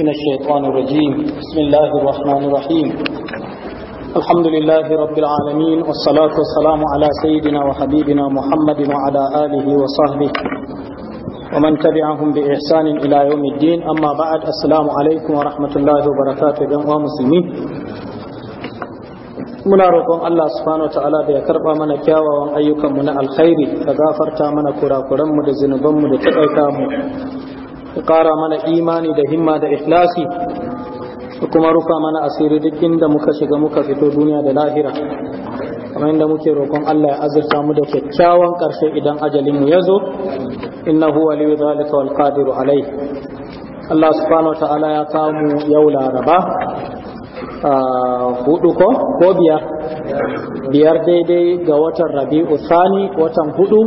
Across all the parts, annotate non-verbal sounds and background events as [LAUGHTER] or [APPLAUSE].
من الشيطان الرجيم بسم الله الرحمن الرحيم الحمد لله رب العالمين والصلاة والسلام على سيدنا وحبيبنا محمد وعلى آله وصحبه ومن تبعهم بإحسان إلى يوم الدين أما بعد السلام عليكم ورحمة الله وبركاته جمع مسلمين muna roƙon Allah subhanahu ta'ala da ya karɓa mana kyawawan ayyukanmu na alkhairi ka gafarta mana kurakuranmu ya ƙara mana imani da himma da ikhlasi da kuma rufa mana asiri duk inda muka shiga muka fito duniya da lahira kamar inda muke roƙon Allah ya azurta mu da kyakkyawan ƙarshe idan ajalin mu ya zo innahu waliyyu zalika wal qadiru alai Allah subhanahu wa ta'ala ya kawo mu yau laraba ah, hudu ko biyar biyar daidai ga watan rabi'u sani watan hudu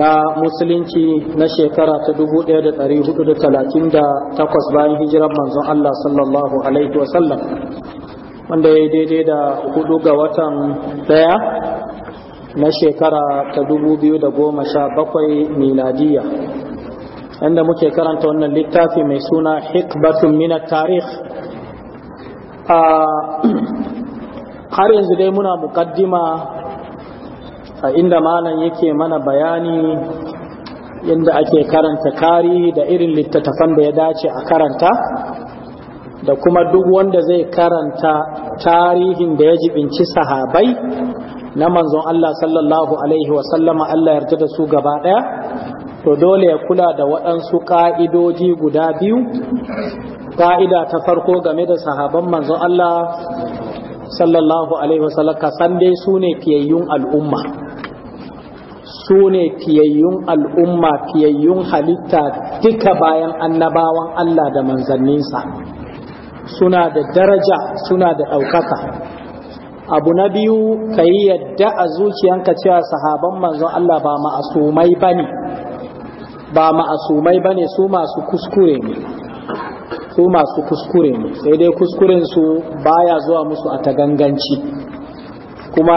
na musulunci na shekara ta 1438 bayan hijirar manzon Allah sallallahu alaihi wasallam wanda ya daidai da hudu ga watan daya na shekara ta 2017 miladiya inda muke karanta wannan littafi mai suna hikbatun minat tarih a har yanzu dai muna mukaddima a inda malam yake mana bayani inda ake karanta kari da irin littattafan da ya dace a karanta da kuma duk wanda zai karanta tarihin da ya jibinci sahabai na manzon Allah sallallahu Alaihi wasallama Allah yarda da su gaba ɗaya to dole ya kula da waɗansu ƙa'idoji guda biyu ƙa'ida ta farko game da sahaban manzon Allah sallallahu alaihi wasallam ka san dai su fiyayyun al'umma su fiyayyun al'umma fiyayyun halitta duka bayan annabawan Allah da manzanninsa suna da daraja suna da ɗaukaka abu na biyu ka yi yadda a zuciyanka cewa sahaban manzon Allah ba ma'asumai ba ba ma'asumai ba ne su masu kuskure ne su masu kuskure ne sai dai kuskuren su baya zuwa musu a ta ganganci, kuma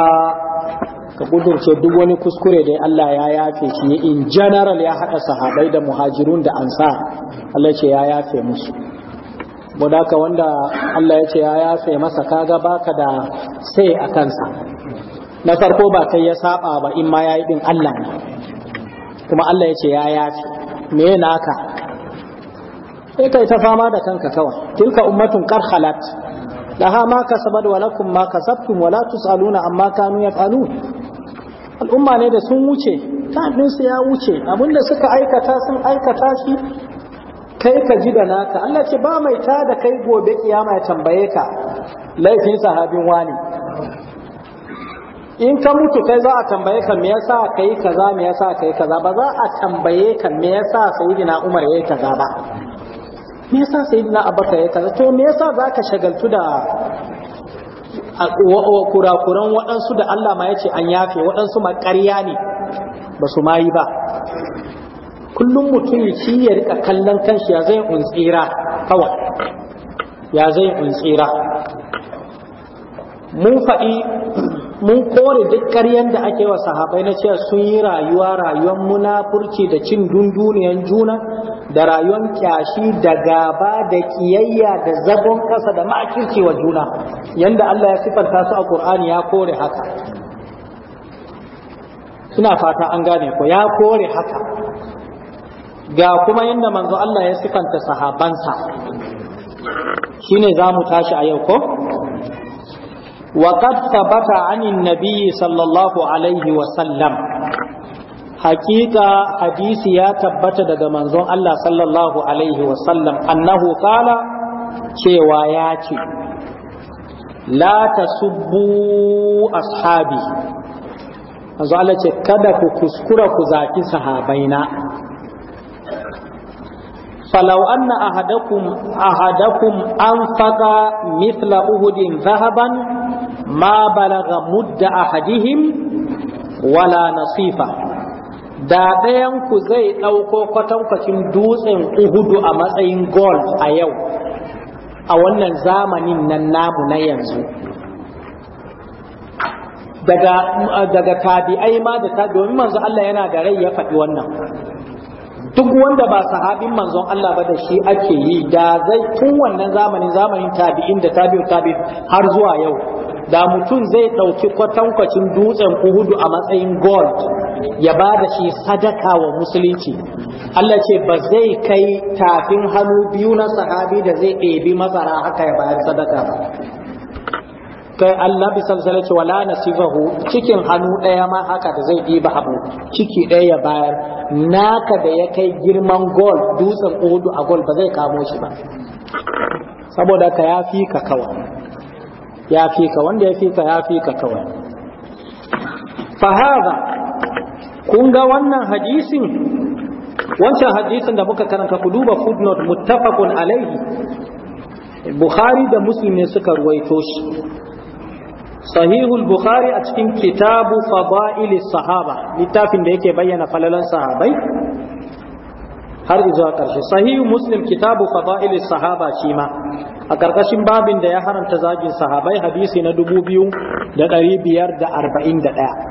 ka kudurce duk wani kuskure da Allah ya yafe shi in general ya haɗa sahabai da muhajirun da ansa, Allah ce ya yafe musu ka wanda Allah ya ce ya yafe masa kaga baka da sai a kansa na farko ba kai ya saba ba in ma yayi din Allah ne kuma Allah ya ce ya yafe me ka? sai kai ta fama da kanka kawai tilka ummatun qarhalat laha ma kasabat wa lakum ma kasabtum wa la tusaluna amma kanu yaf'alun al'umma ne da sun wuce kafin su ya wuce abinda suka aikata sun aikata shi kai ka ji da naka Allah ce ba mai ta da kai gobe kiyama ya tambaye ka laifin sahabin wani in ka mutu kai za a tambaye ka me yasa kai kaza me yasa kai kaza ba za a tambaye ka me yasa sayyidina Umar yayi kaza ba me yasa na abubakar ya kaza to me yasa zaka shagaltu da kurakuran waɗansu da Allah ma ya ce an yafe waɗansu ma ƙarya ne ba su ma yi ba kullum mutum shi ya rika kallon kanshi ya zai tsira kawai ya zai tsira mun faɗi mun kore duk ƙaryan da ake wa sahabai na cewa sun yi rayuwa rayuwar munafurci da cin dunduniyan juna da rayuwar kyashi da gaba da kiyayya da zagon kasa da makircewa juna yanda Allah ya sifanta su a Qur'ani ya kore haka Suna fata an gane ko ya kore haka ga kuma yanda manzo Allah ya sifanta sahabansa shine zamu tashi a yau ko وقد ثبت عن النبي صلى الله عليه وسلم hakika hadisi ya tabbata daga manzon Allah sallallahu alaihi wasallam annahu kala cewa ya ce la tasubbu ashabi manzo Allah ce kada ku kuskura ku zaki sahabaina falau anna ahadakum ahadakum anfaqa mithla uhudin dhahaban ma balaga mudda ahadihim wala nasifa da ku zai ɗauko kwatankwacin dutsen uhudu a matsayin gold a yau a wannan zamanin nan namu na yanzu daga tabi'ai ma da ta domin manzo Allah yana da rai ya faɗi wannan duk wanda ba sahabin manzon Allah ba da shi ake yi da zai tun wannan zamanin zamanin tabi'in da tabi'u tabi har zuwa yau da mutum zai ɗauki kwatankwacin dutsen uhudu a matsayin gold ya ba da shi sadaka wa musulunci Allah ce ba zai kai tafin hannu biyu na sahabi da zai ɗebi masara haka ya bayar sadaka ba kai Allah bi salsala ce wala cikin hannu ɗaya ma haka da zai ɗiba abu ciki ɗaya ya bayar naka da ya kai girman gold dutsen uhudu a gold ba zai kamo shi ba saboda ka ya fi ka kawai ya fi ka wanda ya fi ka ya fi ka kawai fahaza kun ga wannan hadisin wancan hadisin da muka karanta ku duba footnote muttafaqun alaihi bukhari da muslim ne suka ruwaito shi sahihul bukhari a cikin kitabu fada'il sahaba littafin da yake bayyana falalan sahabai har izuwa ƙarshe sahihu muslim kitabu fada'il sahaba shi ma a ƙarƙashin babin da ya haramta zagin sahabai hadisi na 2541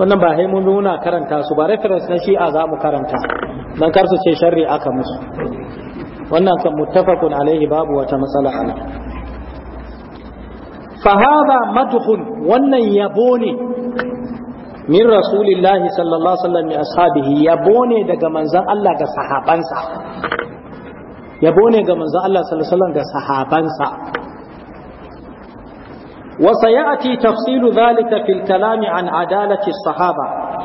wannan ba hai mun nuna karanta su ba reference na shi a za mu karanta don kar su ce sharri aka musu wannan kan muttafaqun alaihi babu wata matsala ana fa hadha madhun wannan yabo ne min rasulillahi sallallahu alaihi wasallam ashabihi yabo ne daga manzon Allah ga sahabansa yabo ne ga manzon Allah sallallahu alaihi wasallam ga sahabansa wa sayati tafsilu dhalika fil kalami an adalati sahaba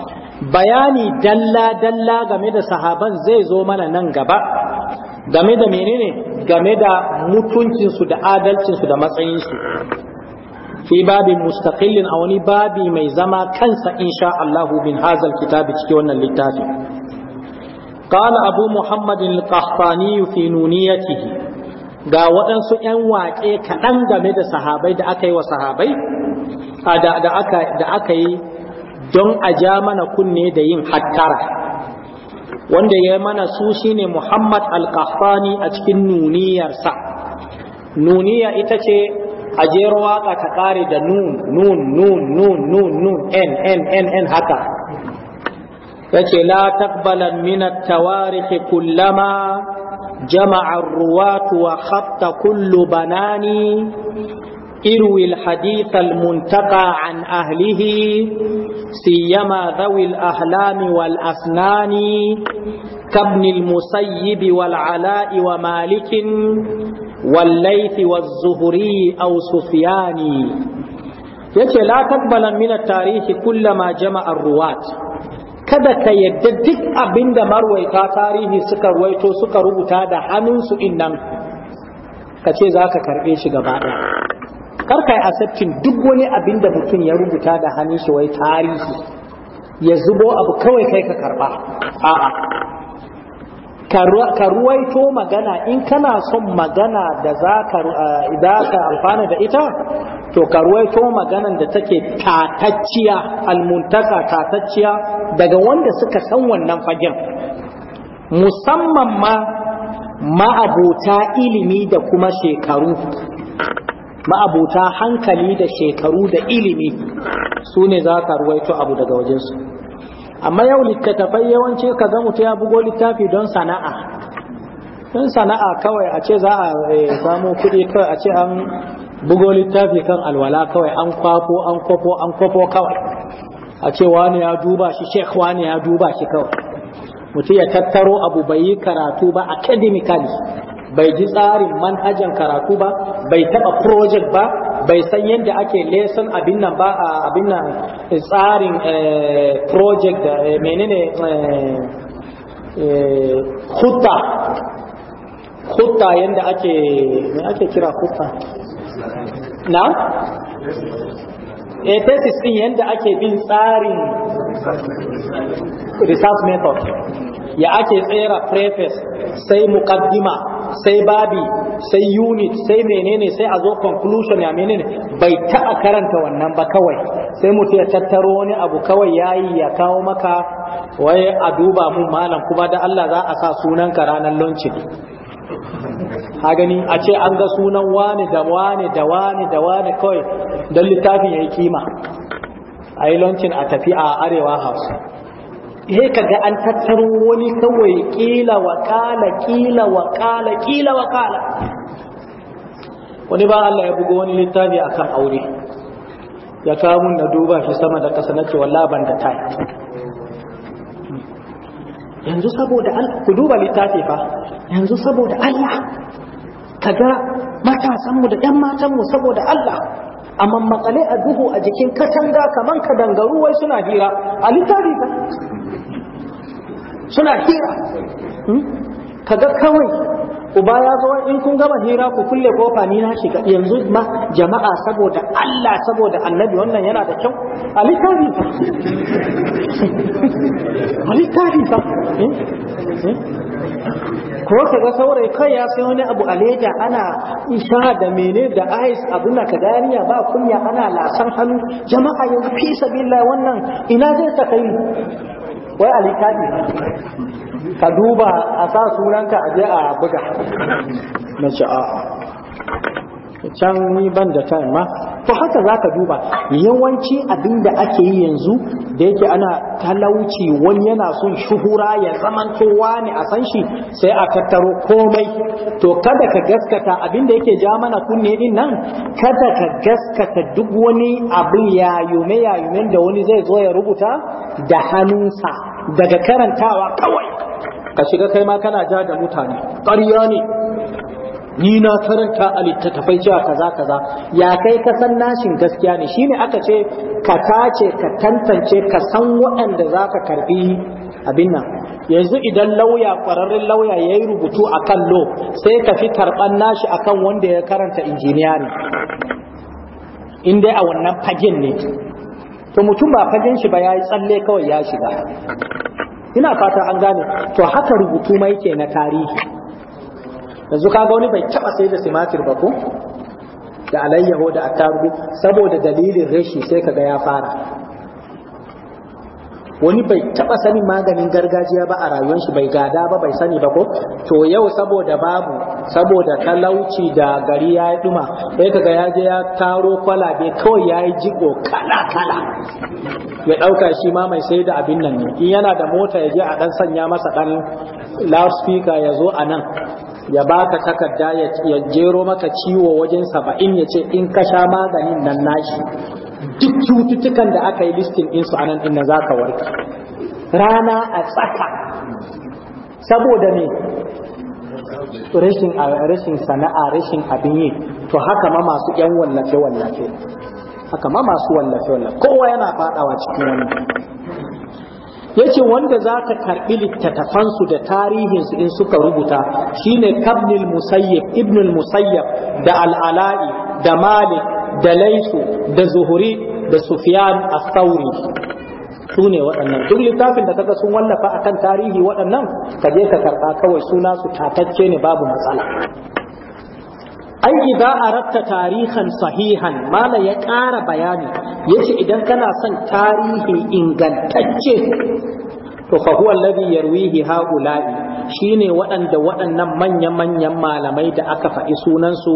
bayani dalla dalla game da sahaban zai zo mana nan gaba game da menene game da mutuncinsu da adalcinsu da matsayinsu fi babi mustaqillin a wani babi mai zama kansa insha bin min hazal kitabi cikin wannan littafi قال أبو محمد القحطاني في نونيته ga waɗansu ‘yan waƙe kaɗan game da sahabai da aka yi wa sahabai da aka yi don a mana kunne da yin hattara wanda ya mana su shine Muhammad al a cikin nuniyarsa nuniya ita ce a waƙa ta ƙare da nun nun nun nun nun nun n n n n haka yace la taqbalan min at-tawarikh kullama jama'a ar-ruwat wa khatta kullu banani irwi al-hadith al-muntaqa an ahlihi siyama dhawi al-ahlam wal asnani كابن المسيب والعلاء ومالك والليث والزهري أو سفياني يتي لا تقبل من التاريخ كلما جمع الروات kada ka yadda duk abin da marwaita tarihi suka ruwaito suka rubuta da hannunsu in nan ka ce za ka karɓe shi gaba ɗaya karkai yi asabtin duk wani abin da mutum ya rubuta da hannunsu wai tarihi ya zubo abu kawai kai ka karɓa a'a ka ruwaito magana in kana son magana da za ka eh, amfana da ita to ka ruwaito magana da take tatacciya almuntaka tatacciya daga wanda suka san wannan fagen musamman ma ma'abota ilimi da kuma shekaru ma'abota hankali da shekaru da ilimi sune ne za ka ruwaito abu daga wajensu amma yau littattafai yawanci ka ga mutu ya bugo littafi don sana'a don sana'a kawai a ce za a eh, samu kuɗi kawai a ce an bugo littafi kan alwala kawai an kwafo an kwafo an kwafo kawai a ce wani ya duba shi sheikh wani ya duba shi kawai mutum ya tattaro abu bai yi karatu ba academically bai ji tsarin manhajan karatu ba bai taɓa project ba bai san yadda ake lesson abin nan ba abin nan eh, tsarin eh, project da eh, menene hutta hutta yadda ake me ake kira hutta na a thesis din yadda ake bin tsarin research method ya ake tsera preface sai mukaddima sai babi sai unit sai menene sai a zo conclusion ya menene bai taɓa karanta wannan ba kawai sai mutum ya tattaro wani abu kawai yayi ya kawo maka wai a duba mun malam kuma da Allah za a sa sunan ka ranar lonci ha gani a ce an ga sunan wani da wani da wani da wani kawai don littafin ya yi kima a yi a tafi a arewa house yi kaga an tattaro wani kawai kila wa kala kila wa kala kila wa kala wani ba Allah ya bugo wani littafi a kan aure ya kamun na duba fi sama da kasa na cewa laban da ta yanzu saboda Allah ku duba littafi fa yanzu saboda Allah kaga matasanmu da 'yan matanmu saboda Allah amma makale a duhu a jikin katanga kaman ka dangaru wai suna hira a littafi ka suna hira hmm? kaga kawai uba ya zo in kun gama hira ku kulle kofa ni na shiga yanzu ma jama'a saboda Allah saboda annabi wannan yana da kyau a littafi ka [LAUGHS] a littafi ka ko ka ga saurayi kai ya sai wani abu aleja ana isha da mene da ais abuna ka dariya ba kunya ana lasan hannu jama'a yanzu fi sabilillah wannan ina zai ta kai wai alikadi ka duba a sa sunanka a je a buga na can ni ban da ta ma to haka za ka duba yawanci abin da ake yi yanzu da yake ana talauci wani yana son shuhura ya zaman kowa ne a san shi sai a tattaro komai to kada ka gaskata abin da yake ja mana kunne din nan kada ka gaskata duk wani abin yayume yayumen da wani zai zo ya rubuta da hannunsa daga karantawa kawai ka shiga kai ma kana ja da mutane ƙarya ne ni na karanta a littattafai cewa kaza kaza ya kai ka san nashin gaskiya ne shine aka ce ka tace ka tantance ka san waɗanda za ka karbi abin nan yanzu idan lauya ƙwararren lauya ya yi rubutu a kan lo sai ka fi karɓar nashi akan wanda ya karanta injiniya ne in dai a wannan fagen ne to mutum ba fagen shi ba ya yi tsalle kawai ya shiga ina fata an gane to haka rubutu mai ke na tarihi yanzu ka ga wani bai taba sai da simatir ba ko da alayyaho da attarugu saboda dalilin rashi sai kaga ya fara wani bai taba sanin maganin gargajiya ba a rayuwar shi bai gada ba bai sani ba ko to yau saboda babu saboda talauci da gari ya yi duma sai kaga ya je ya taro kwalabe kawai ya yi jiko kala kala ya dauka shi ma mai sai da abin nan ne in yana da mota ya je a dan sanya masa dan loudspeaker ya zo a nan ya baka takarda ya jero maka ciwo wajen saba'in ya ce in ka sha maganin nan nashi duk cututtukan da aka yi listin su anan inda za ka warke rana a tsaka saboda ne rashin sana'a rashin abin yi to haka ma masu yan wallafe wallafe haka ma masu wallafe wallafe kowa yana fadawa cikin wani. yace wanda za ka karɓi littattafansu da tarihinsu in suka rubuta shine kabnil musayyib ibnul musayyab da al'ala'i da malik da laisu da zuhuri da sufiyan as-sauri su ne waɗannan duk littafin da kaga sun wallafa akan tarihi waɗannan ka je ka karɓa kawai suna su tatacce ne babu matsala ai idza aratta tarihan sahihan mala ya ƙara bayani yace idan kana son tarihi ingantacce to fa huwa alladhi yarwihi haula'i shine waɗanda waɗannan manya-manyan malamai da aka faɗi sunansu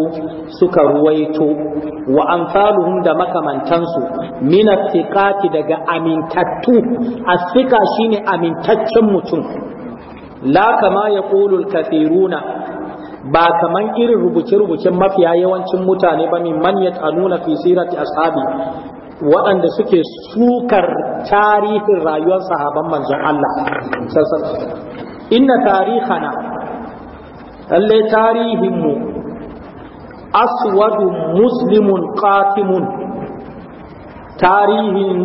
suka ruwaito wa amsaluhum da makamantansu min athiqati daga amintattu athiqa shine amintaccen mutum la kama yaqulu al-kathiruna ba kaman irin rubuce-rubucen mafiya yawancin mutane ba min man tsanuna fi sirati ashabi waɗanda suke sukar tarihin rayuwar sahaban manzon Allah inna tarihana lalle tarihinmu aswadu muslimun qatimun tarihin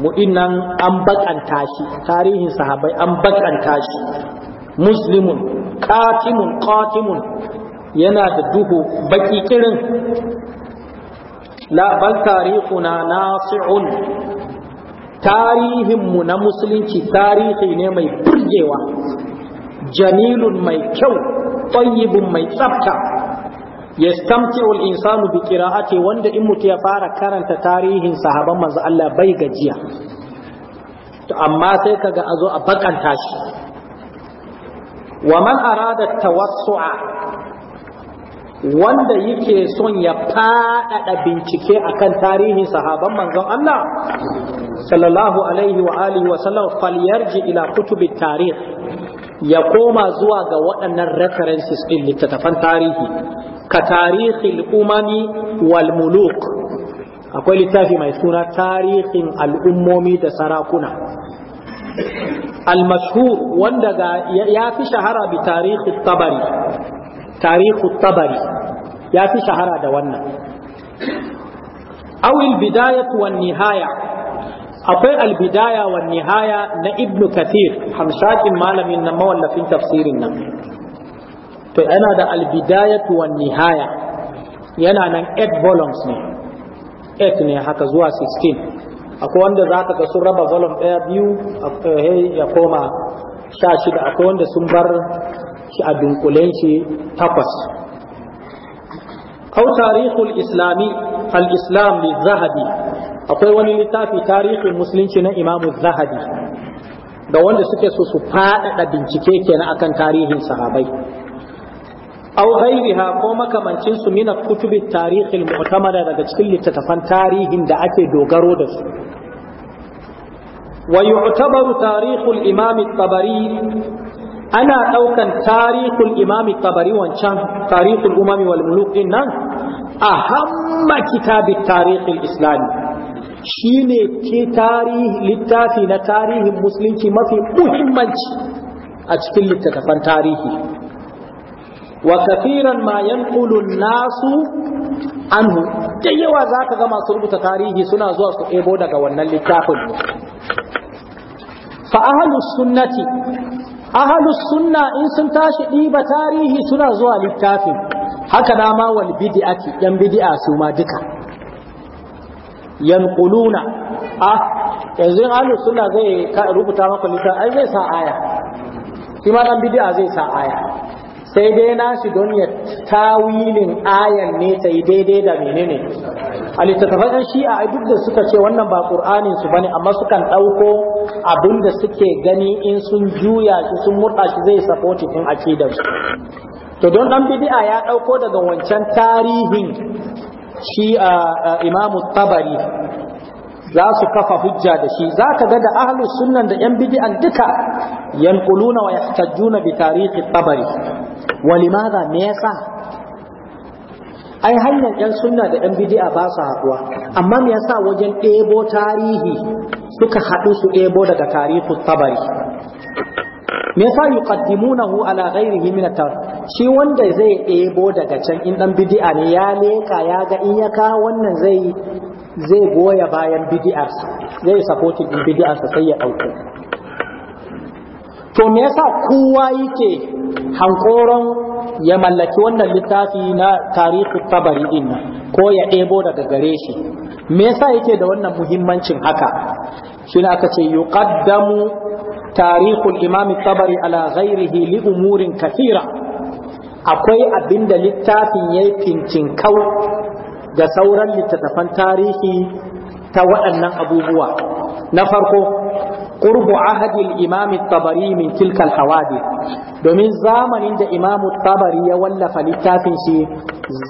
mu dinnan an bakanta shi tarihin sahabai an bakanta shi muslimun katimun katimun yana da duhu baki kirin la bal tarihuna tarihin tarihinmu na musulunci tarihi ne mai burgewa jamilun mai kyau tayyibun mai tsafta yastamti'ul insanu bi qira'ati wanda in mutu ya fara karanta tarihin sahaban manzo Allah bai gajiya to amma sai kaga azo a bakanta shi wa man arada tawassu'a wanda yake son ya faɗaɗa bincike akan tarihin sahaban manzon Allah sallallahu alaihi wa alihi wa sallam falyarji ila kutubi tarih ya koma zuwa ga waɗannan references ɗin littattafan tarihi ka tarihin umani wal muluk akwai littafi mai suna tarihin al'ummomi da sarakuna al-mashhur wanda ga ya fi shahara bi tarihi tabari ya fi shahara da wannan awil bidayatu wan akwai albidaya wa na ibnu kathir hamshakin malamin na mawallafin tafsirin nan to yana da albidayatu wa yana nan 8 volumes ne 8 ne haka zuwa 16 akwai wanda za ka ga sun raba volume ɗaya biyu eh, ya koma sha shida akwai wanda sun bar shi a dunkulen shi takwas au tarihul islami al-islam li zahabi akwai wani littafi tarihin musulunci na imamu zahabi da wanda suke so su faɗaɗa bincike kenan akan tarihin sahabai aw ghayriha ko makamancin su min kutubi al-mu'tamada daga cikin littattafan tarihin da ake dogaro da su wa yu'tabaru tarihu al-imam at-tabari ana daukan tarihu al-imam wancan tarihu al-umam din nan ahamma kitab at-tarikh al-islami shine ke tarihi na tarihin musulunci mafi muhimmanci a cikin littattafan tarihi wa kafiran ma yanqulu nasu anhu da yawa zaka ga masu rubuta tarihi suna zuwa su ebo daga wannan littafin fa ahlus sunnati ahlus sunna in sun tashi diba tarihi suna zuwa littafin haka dama wal bid'ati yan bid'a su ma duka yanquluna ah yanzu ahlus sunna zai rubuta maka littafin ai zai sa aya shi ma dan bid'a zai sa aya sai dai nashi don ya tawilin ayan ne ta yi daidai da mene menene a littattafan shi'a a duk da suka ce wannan ba ƙur'anin su bane amma sukan ɗauko abin da suke gani in sun juya shi sun murɗa shi zai sapoti ake da su to don ɗan bidi'a ya ɗauko daga wancan tarihin shi eh, imamu tabari za su kafa hujja da shi za ka ga da ahlus sunnan da yan bidi'an duka yanquluna wa yahtajjuna bi tarihi tabari walimaza me yasa ai hanyar yan sunna da yan bidi'a ba su haɗuwa amma me yasa wajen ɗebo tarihi suka haɗu su ɗebo daga tarihi tabari me yasa yuqaddimunahu ala ghairihi min at shi wanda zai ɗebo daga can in ɗan bidi'a ne ya leka ya ga in ya ka wannan zai zai goya bayan bidi'ar zai supporting bidi'ar bidi'arsa sai ya ɗauko to me yasa kowa yake hankoron ya mallaki wannan littafi na tarihi tabari din ko ya ɗebo daga gare shi me yasa yake da wannan muhimmancin haka Shin aka ce yuqaddamu al imam tabari ala ghairihi li umurin kathira akwai abinda littafin yayi fintin kau da sauran littattafan tarihi ta waɗannan abubuwa na farko qurbu Ahadil al-imam at-tabari min tilka al domin zamanin da imam tabari ya wallafa littafin shi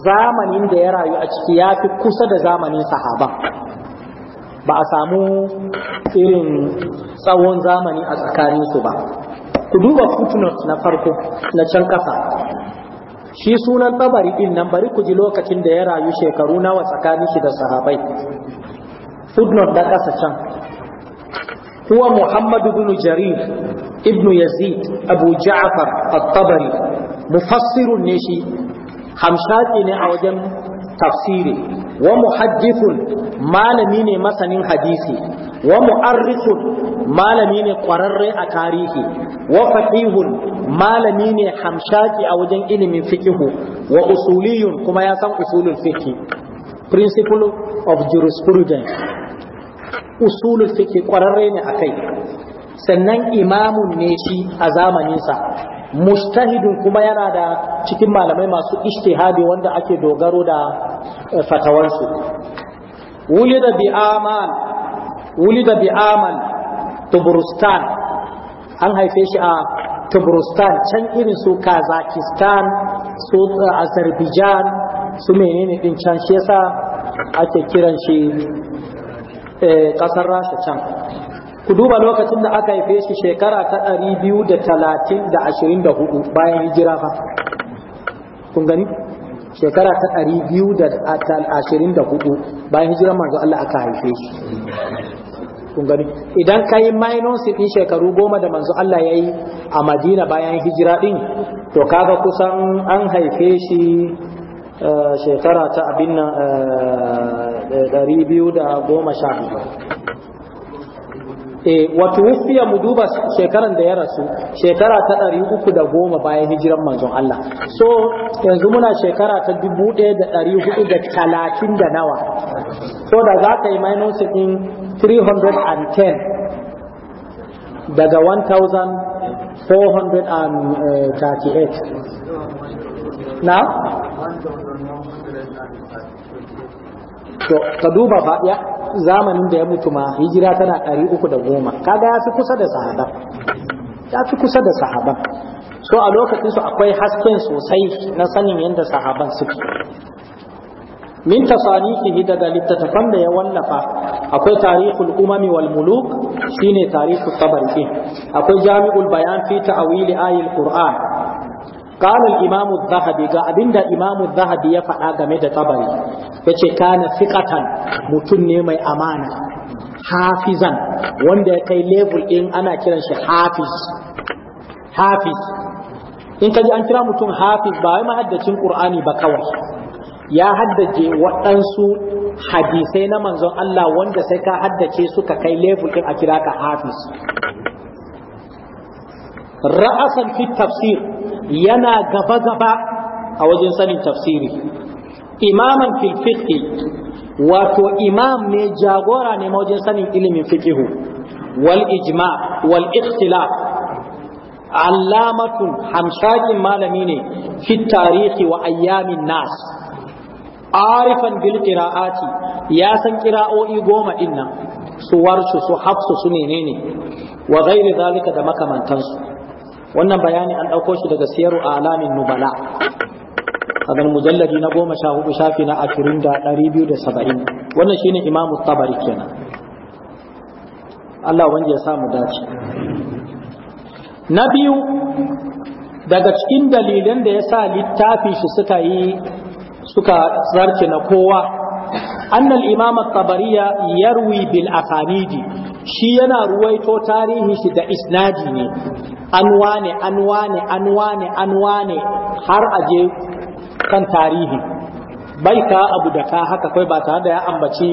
zamanin da ya rayu a ciki ya fi kusa da zamanin sahaba ba a samu irin tsawon zamani a tsakaninsu ba ku duba footnote na farko na can ƙasa, shi sunan tabari din nan bari ku ji lokacin da ya rayu shekaru nawa tsakanin shi da sahabai footnote na ƙasa can huwa Muhammadu ibn Jarir ibn Yazid Abu Ja'far At-Tabari mufassirun ne shi hamshaki ne a wajen tafsiri wa muhaddithun malami ne masanin hadisi wa mu'arrikhun malami ne kwararre a tarihi wa faqihun malami ne hamshaki a wajen ilimin fiqihu wa usuliyun kuma ya san usulul fiqh principle of jurisprudence usulul fiqh kwararre ne akai sannan imamun ne shi a zamaninsa mustahidun kuma yana da cikin malamai masu ijtihadi wanda ake dogaro da eh, fatawansu wulida bi aman wulida bi aman tubrustan an haife shi a tubrustan can irin su kazakistan su eh, azerbaijan su menene din can shi yasa ake kiran shi ƙasar eh, rasha can ku duba lokacin da aka haife shi shekara ta ɗari biyu da talatin da ashirin da hudu bayan hijira fa kun gani shekara ta ɗari biyu da ashirin da hudu bayan hijira manzo Allah aka haife shi kun gani idan ka yi minus ɗin shekaru goma da manzo Allah ya yi a madina bayan hijira ɗin to kaga kusan an haife shi eh, shekara ta abin nan eh, ɗari biyu da e wato wufiya mu duba shekaran da ya rasu shekara ta ɗari uku da goma bayan hijiran manzon Allah so yanzu muna shekara ta dubu ɗaya da ɗari hudu da talatin da nawa so da za ka yi minus ɗin 310 daga 1438 eh, na to ka duba ba zamanin da ya mutu ma hijira tana ɗari uku da goma kaga ya fi kusa da sahaba ya fi kusa da sahaba so a lokacin su akwai hasken sosai na sanin yadda sahaban suke min tasanifihi daga littattafan da ya wallafa akwai tarihul umami wal muluk shine tarihul tabari akwai jami'ul bayan fi wili ayil qur'an qala al-imam adh ga abinda imam adh ya faɗa game da tabari yace kana fiqatan mutun ne mai amana hafizan wanda ya kai level din ana kiran shi hafiz hafiz in kaji an kira mutum hafiz ba mahaddacin qur'ani ba kawai ya haddace waɗansu hadisai na manzon Allah wanda sai ka haddace suka kai level ɗin a kira ka hafiz ra'asan fi tafsir yana gaba-gaba a wajen sanin tafsiri imaman fil wato imam ne jagora ne wajen sanin ilimin fiqihu wal ijma wal ikhtilaf allamatun hamshakin malami ne fi tarihi wa ayyamin nas arifan bil qira'ati ya san qira'o'i goma dinnan su warsu su hafsu su menene wa ghairi zalika da makamantansu wannan bayani an ɗauko shi daga siyaru alamin nubala a mujalladi na goma sha hudu shafi na ashirin da ɗari biyu da saba'in wannan shine imamu tabari kenan Allah wanda ya samu dace na biyu daga cikin dalilan da ya sa littafi shi suka yi suka zarce na kowa annal imam at-tabariya yarwi bil asanidi shi yana ruwaito tarihi shi da isnadi ne an wane an wane har aje kan tarihi bai ka abu da ka haka kai ba tare da ya ambaci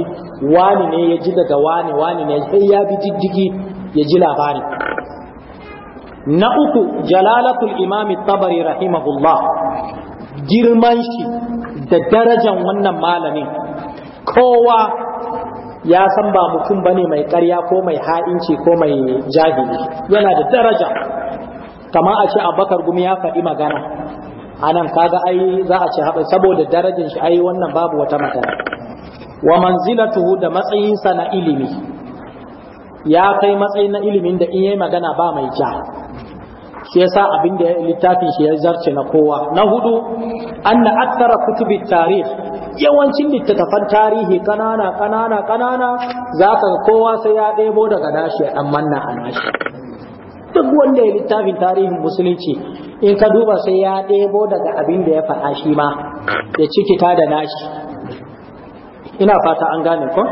wani ne ya ji daga wani wani ne sai ya bi diddigi ya ji labari na uku jalalatul imam at-tabari rahimahullah girman shi da darajan wannan malamin kowa ya san ba mutum bane mai ƙarya ko mai ha'inci ko mai jahili yana da daraja kama a ce abakar gumi ya faɗi magana anan kaga ai za a ce haɓai saboda darajin shi ai wannan babu wata magana wa manzilatuhu da matsayinsa na ilimi ya kai matsayi na ilimin da in yi magana ba mai ja shi yasa abin da littafin shi ya zarce na kowa na hudu anna aktsara kutubi tarikh yawancin littattafan tarihi kanana kanana kanana za ka kowa sai ya ɗebo daga nashi ya ɗan manna a nashi duk wanda ya littafin tarihin musulunci in ka duba sai ya ɗebo daga abin da ya faɗa shi ma ya cikita da nashi ina fata an gane ko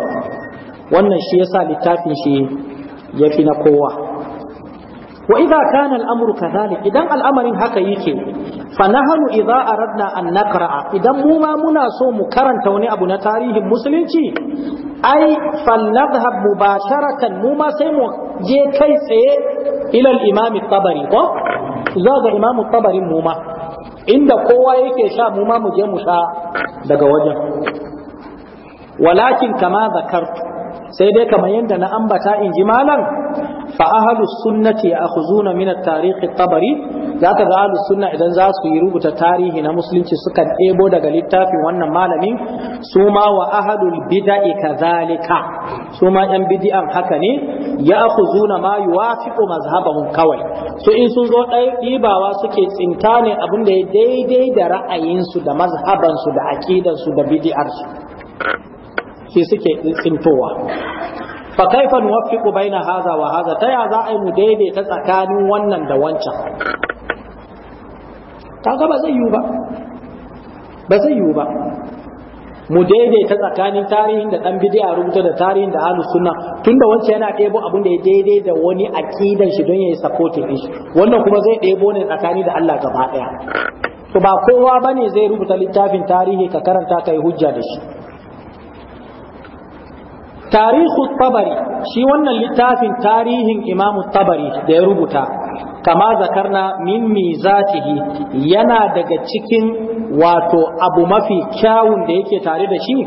wannan shi yasa littafin shi ya fi na kowa wa idza kana al-amru kadhalik idan al'amarin haka yake fa nahnu idza aradna an naqra idan mu ma muna so mu karanta wani abu na tarihin musulunci ai falnadhhab mubasharatan mu ma sai mu je kai tsaye ila al-imam at-tabari ko za imam at-tabari mu ma inda kowa yake sha mu ma mu je mu sha daga wajen walakin kama zakartu sai dai kamar yadda na ambata in ji malam fa ahlus sunnati ya'khuzuna min at-tarikh at-tabari zaka ga ahlus sunna idan za su yi rubuta tarihi na musulunci suka ɗebo daga littafin wannan malamin su ma wa ahlul bid'i kadhalika su ma yan bid'an haka ne ya'khuzuna ma yuwafiqu mazhabahum kawai so in sun zo ɗaya ɗibawa suke tsinta ne abin da ya daidai da ra'ayinsu da mazhabansu da aqidansu da bid'arsu shi suke tsintowa fa kaifa nuwaffiqu baina hadha wa hadha ta ya za a yi mu daidaita tsakanin wannan da wancan kaga ba zai yiwu ba ba zai yi ba mu daidaita tsakanin tarihin da dan bid'a rubuta da tarihin da ahlus sunna tunda wancan yana ɗebo abin da ya daidai da wani aqidan shi don yayi supporting shi wannan kuma zai ɗebo ne tsakani da Allah gaba daya to ba kowa bane zai rubuta littafin tarihi ka karanta kai hujja da shi tarihu tabari shi wannan littafin tarihin imamu tabari da ya rubuta kama zakarna min mizatihi yana daga cikin wato abu mafi kyawun da yake tare da shi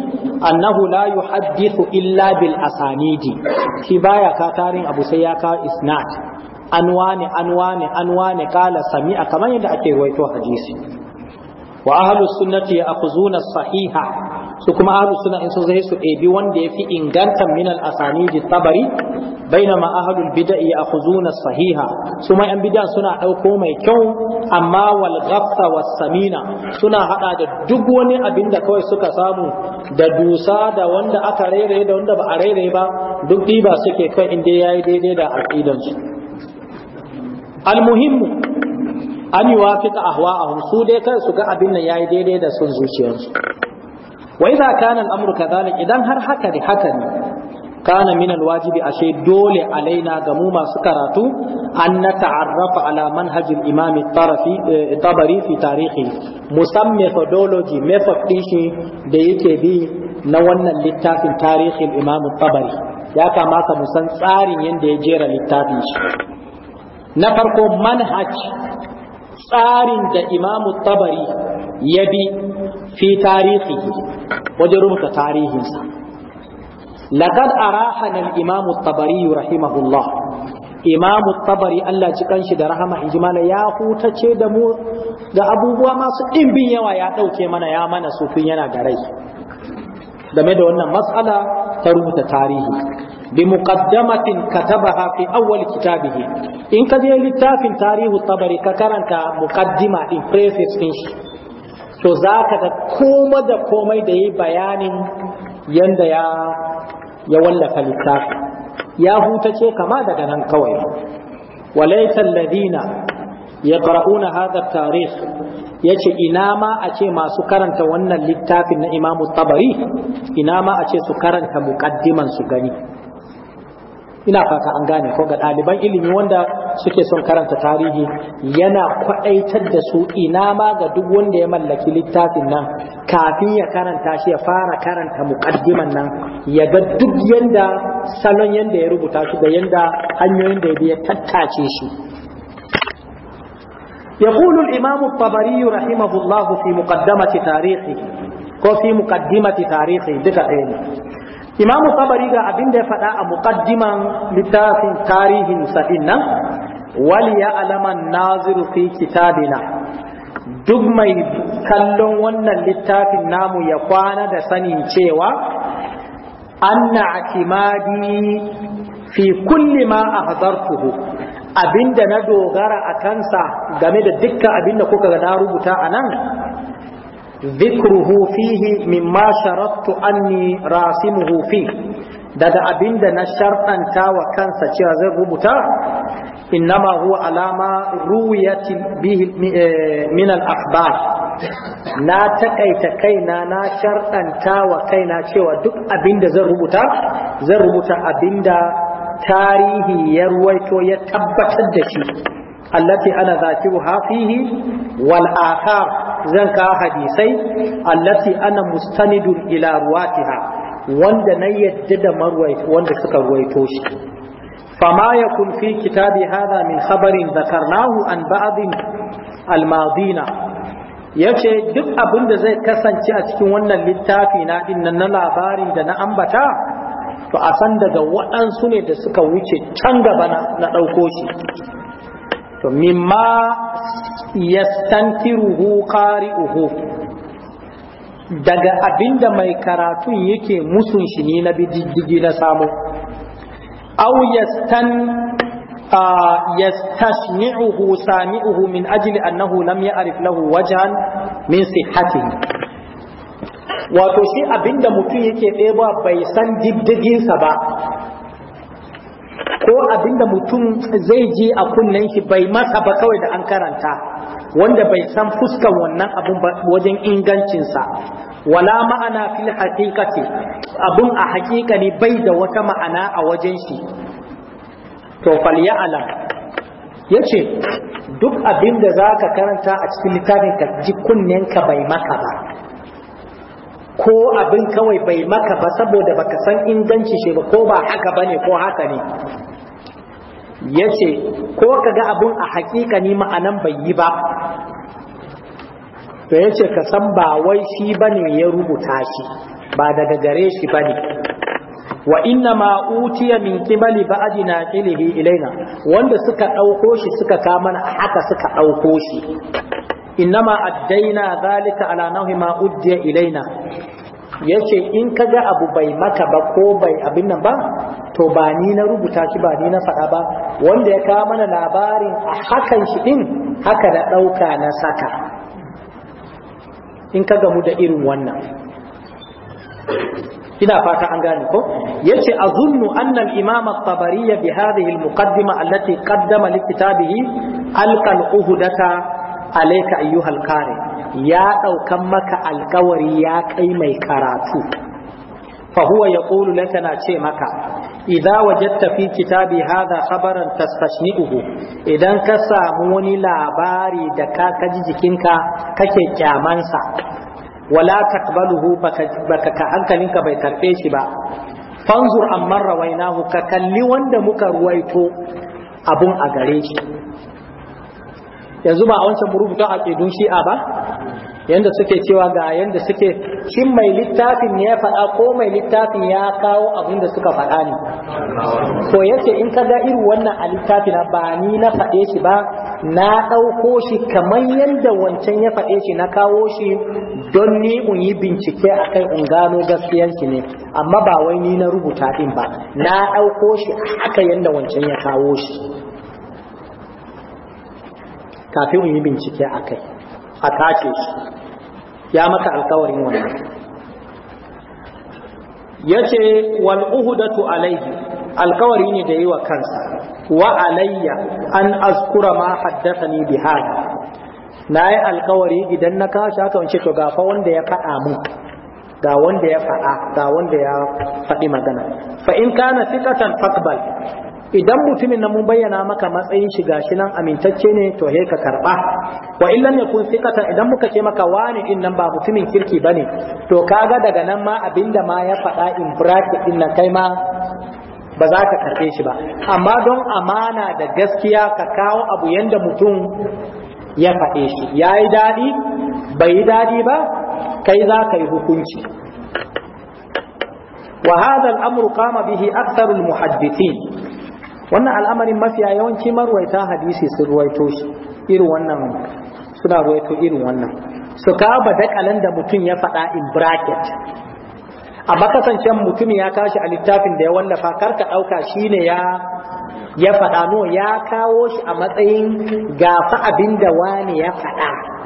annahu la yuhaddithu illa bil asanidi shi baya ka tarin abu sai ya ka isnad anwane anwane anwane kala sami'a kamar yadda ake ruwaito hadisi wa ahlus sunnati ya'khuzuna sahiha su kuma ahlus sunna in sun zai su ɗebi wanda ya fi inganta min al asanidi tabari bainama ahlul bid'i ya'khuzuna sahiha su ma yan bid'a suna ɗauko mai kyau amma wal ghafsa was samina suna hada da duk wani abin da kawai suka samu da dusa da wanda aka rairaye da wanda ba a rairaye ba duk ba suke kai inda yayi daidai da aqidansu al muhimmu an yuwafiqa ahwa'ahum su dai kai su ga abin nan yayi daidai da sun zuciyarsu Wai idza kana al-amru kadhalik idan har haka ne haka ne kana min wajibi ashe dole alaina ga mu masu karatu an nata'arrafa ala manhajin al-imam tarafi eh, fi tarihi musamma methodology method din shi da yake bi na wannan littafin tarihin imam tabari ya kamata mu san tsarin yadda ya jera littafin shi na farko manhaj tsarin da imam tabari ya bi fi tarihi wajen rubuta tarihinsa laqad arahana al-imam at-tabari rahimahullah imam at-tabari Allah ji kanshi da rahama injimala ya hutace da mu da abubuwa masu dimbin yawa ya dauke mana ya mana sufin yana da rai game da wannan mas'ala ta rubuta tarihi bi muqaddamatin katabaha fi awwal kitabih in ka je littafin tarihu tabari ka karanta muqaddima in preface din shi to za ka ga koma da komai da yi bayanin yadda ya wallafa littafi ya hutace kama daga nan kawai walaitan ladina ya ƙara'una hadar tarih ya ce ina ma a ce masu karanta wannan littafin na imamu tabari ina ma a ce su karanta muƙaddiman su gani ina fata an gane ko ga ɗaliban ilimi wanda suke son karanta tarihi yana kwaɗaitar da su ina ma ga duk wanda ya mallaki littafin nan kafin ya karanta shi ya fara karanta muƙaddiman nan ya ga duk yanda salon yanda ya rubuta shi da yanda hanyoyin da ya biya tattace shi يقول الإمام الطبري رحمه الله في مقدمة تاريخه وفي مقدمة تاريخه دقيقة imamu tabari ga abin da ya faɗa a muqaddiman littafin tarihin sa'in nan wali ya alaman naziru fi kitabina duk mai kallon wannan littafin namu ya kwana da sanin cewa anna atimadi fi kulli ma ahzartuhu abinda na dogara a kansa game da dukkan abinda kuka ga na rubuta a nan ذكره فيه مما شرطت أني راسمه فيه daga abin da na sharɗanta wa kansa cewa zai rubuta innama huwa alama ruwiyati eh, min al-akhbar na takaita kaina na sharɗanta wa kaina cewa duk abin da zan rubuta zan rubuta abin da tarihi ya ruwaito ya tabbatar da shi allati ana zakiruha hafihi wal akhar zan kawo hadisai allati ana mustanidun ila ruwatiha wanda na yadda da wanda suka ruwaito shi fama ya kunfi kitabi hada min khabarin dhakarnahu an ba'dhin almadina yace duk abin da zai kasance a cikin wannan littafi na dinnan na labarin da na ambata to a san daga waɗansu ne da suka wuce can gaba na ɗauko shi to mimma yastanfiruhu qari'uhu daga abinda mai karatun yake musun shi ne na bididdigi na samu aw yastan yastashmi'uhu sami'uhu min ajli annahu lam ya'rif lahu wajhan min sihhatihi wato shi abinda mutum yake ɗebo bai san diddiginsa ba ko abinda mutum zai je a kunnen shi bai masa ba kawai da an karanta wanda bai san fuskan wannan abun wajen ingancinsa wala ma'ana fil haqiqati abun a haƙiƙa ne bai da wata ma'ana a wajen shi to fal ya'ala yace duk abinda zaka karanta a cikin littafin ka ji kunnen ka bai maka ba ko abin kawai bai maka ba saboda baka san inganci shi ba ko ba haka bane ko haka ne yace ko kaga abun a hakika ni ma'anan bai yi ba to yace ka san ba wai shi bane ya rubuta shi ba daga gare shi bane wa inna ma utiya min ba ba'di naqilihi ilaina wanda suka dauko shi suka ka mana haka suka dauko shi innama addaina zalika ala nahi ma uddiya ilaina yace in ga abu bai maka ba ko bai abin nan ba to ba ni na rubuta shi ba ni na faɗa ba wanda ya kawo mana labarin a hakan shi din haka da ɗauka na saka in ka gamu da irin wannan ina fata an gane ko yace azunnu annal al-imam at-tabari bi hadhihi al-muqaddima allati qaddama li kitabihi alqa al alaika ayyuhal kare ya ɗaukan maka alkawari ya kai mai karatu fa huwa yaqulu laka na ce maka idza wajadta fi kitabi hadha khabaran tastashni'uhu idan ka samu wani labari da ka kaji jikinka kake ƙyamansa, wala taqbaluhu baka ka hankalinka bai karbe shi ba fanzur amman rawainahu ka kalli wanda muka ruwaito abun a gare shi yanzu ba a wancan rubuta a aƙidun shi'a ba yadda suke cewa ga yanda suke shin mai littafin ne ya faɗa ko mai littafin ya kawo abin da suka faɗa ne ko yace in ka ga irin wannan a littafin ba ni na faɗe shi ba na ɗauko shi kamar yadda wancan ya faɗe shi na kawo shi don ni in yi bincike a kai in gano gaskiyan shi ne amma ba wai ni na rubuta ɗin ba na ɗauko shi haka yadda wancan ya kawo shi kafin yi bincike akai, a tace shi ya maka alkawarin wannan ya ce wal'uhudatu alaihi alkawari ne da yi wa kansa wa alayya an azkura ma haddasa ni bihari na yi alkawari idan na kashi haka wance to gafa wanda ya faɗa mun ga wanda ya faɗa ga wanda ya faɗi magana fa in kana fiqatan faqbal idan mutumin nan mun bayyana maka matsayin shi gashi nan amintacce ne to he ka karba wa illam yakun thiqatan idan muka ce maka wani din nan ba mutumin kirki bane to kaga daga nan ma abinda ma ya faɗa in bracket din nan kai ma ba za ka karbe shi ba amma don amana da gaskiya ka kawo abu yanda mutum ya faɗe shi ya yi daɗi bai yi daɗi ba kai za ka yi hukunci وهذا الأمر قام به أكثر المحدثين wannan al'amarin mafiya yawanci marwaita hadisi sun ruwaito shi irin wannan suna ruwaito irin wannan su kawo badakalan da mutum ya faɗa in bracket amma kasancen mutum ya kashi a littafin da ya wallafa ka ɗauka shine ya ya faɗa no ya kawo shi a matsayin gafa abin da wani ya faɗa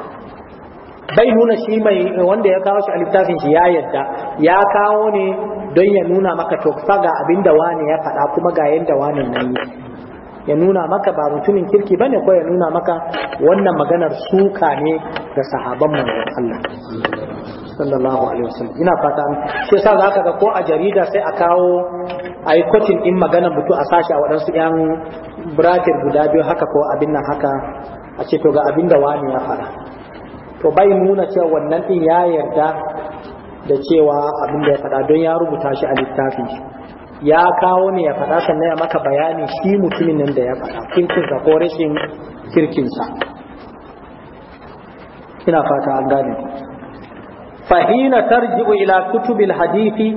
bai nuna shi mai wanda ya kawo shi a littafin shi ya yadda ya kawo ne don ya nuna maka to fa ga abin da wani ya faɗa kuma ga yadda wani nan yi ya nuna maka ba mutumin kirki bane ko ya nuna maka wannan maganar suka ne ga sahaban manzon Allah sallallahu alaihi wasallam ina fata shi yasa zaka ga ko a jarida sai a kawo ai kwatin in maganar mutu a sashi a waɗansu yan bracket guda biyu haka ko abin nan haka a ce to ga abin da wani ya faɗa to bai nuna cewa wannan din ya yarda da cewa abin da ya faɗa don ya rubuta shi a littafi ya kawo ne ya faɗa sannan ya maka bayani shi mutumin nan da ya faɗa kirkinsa ko rashin kirkinsa ina fata an gane fahina tarji'u ila kutubil hadisi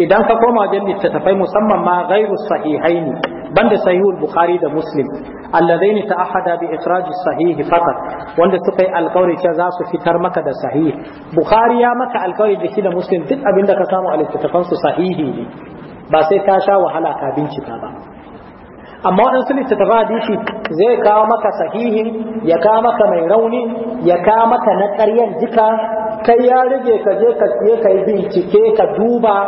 idan ka koma wajen littattafai musamman ma ghairu sahihaini banda sahihul bukhari da muslim alladaini ahada bi ikhraj sahihi faqat wanda suka yi alƙawari cewa za su fitar maka da sahih bukhari ya maka alƙawari da shi da muslim duk abin da ka samu a littattafan su sahihi ne ba sai ka sha wahala ka bincika ba amma waɗansu littattafa hadisi zai kawo maka sahihin ya kawo maka mai rauni ya kawo maka na ƙaryan jika kai ya rage ka je ka je ka yi bincike ka duba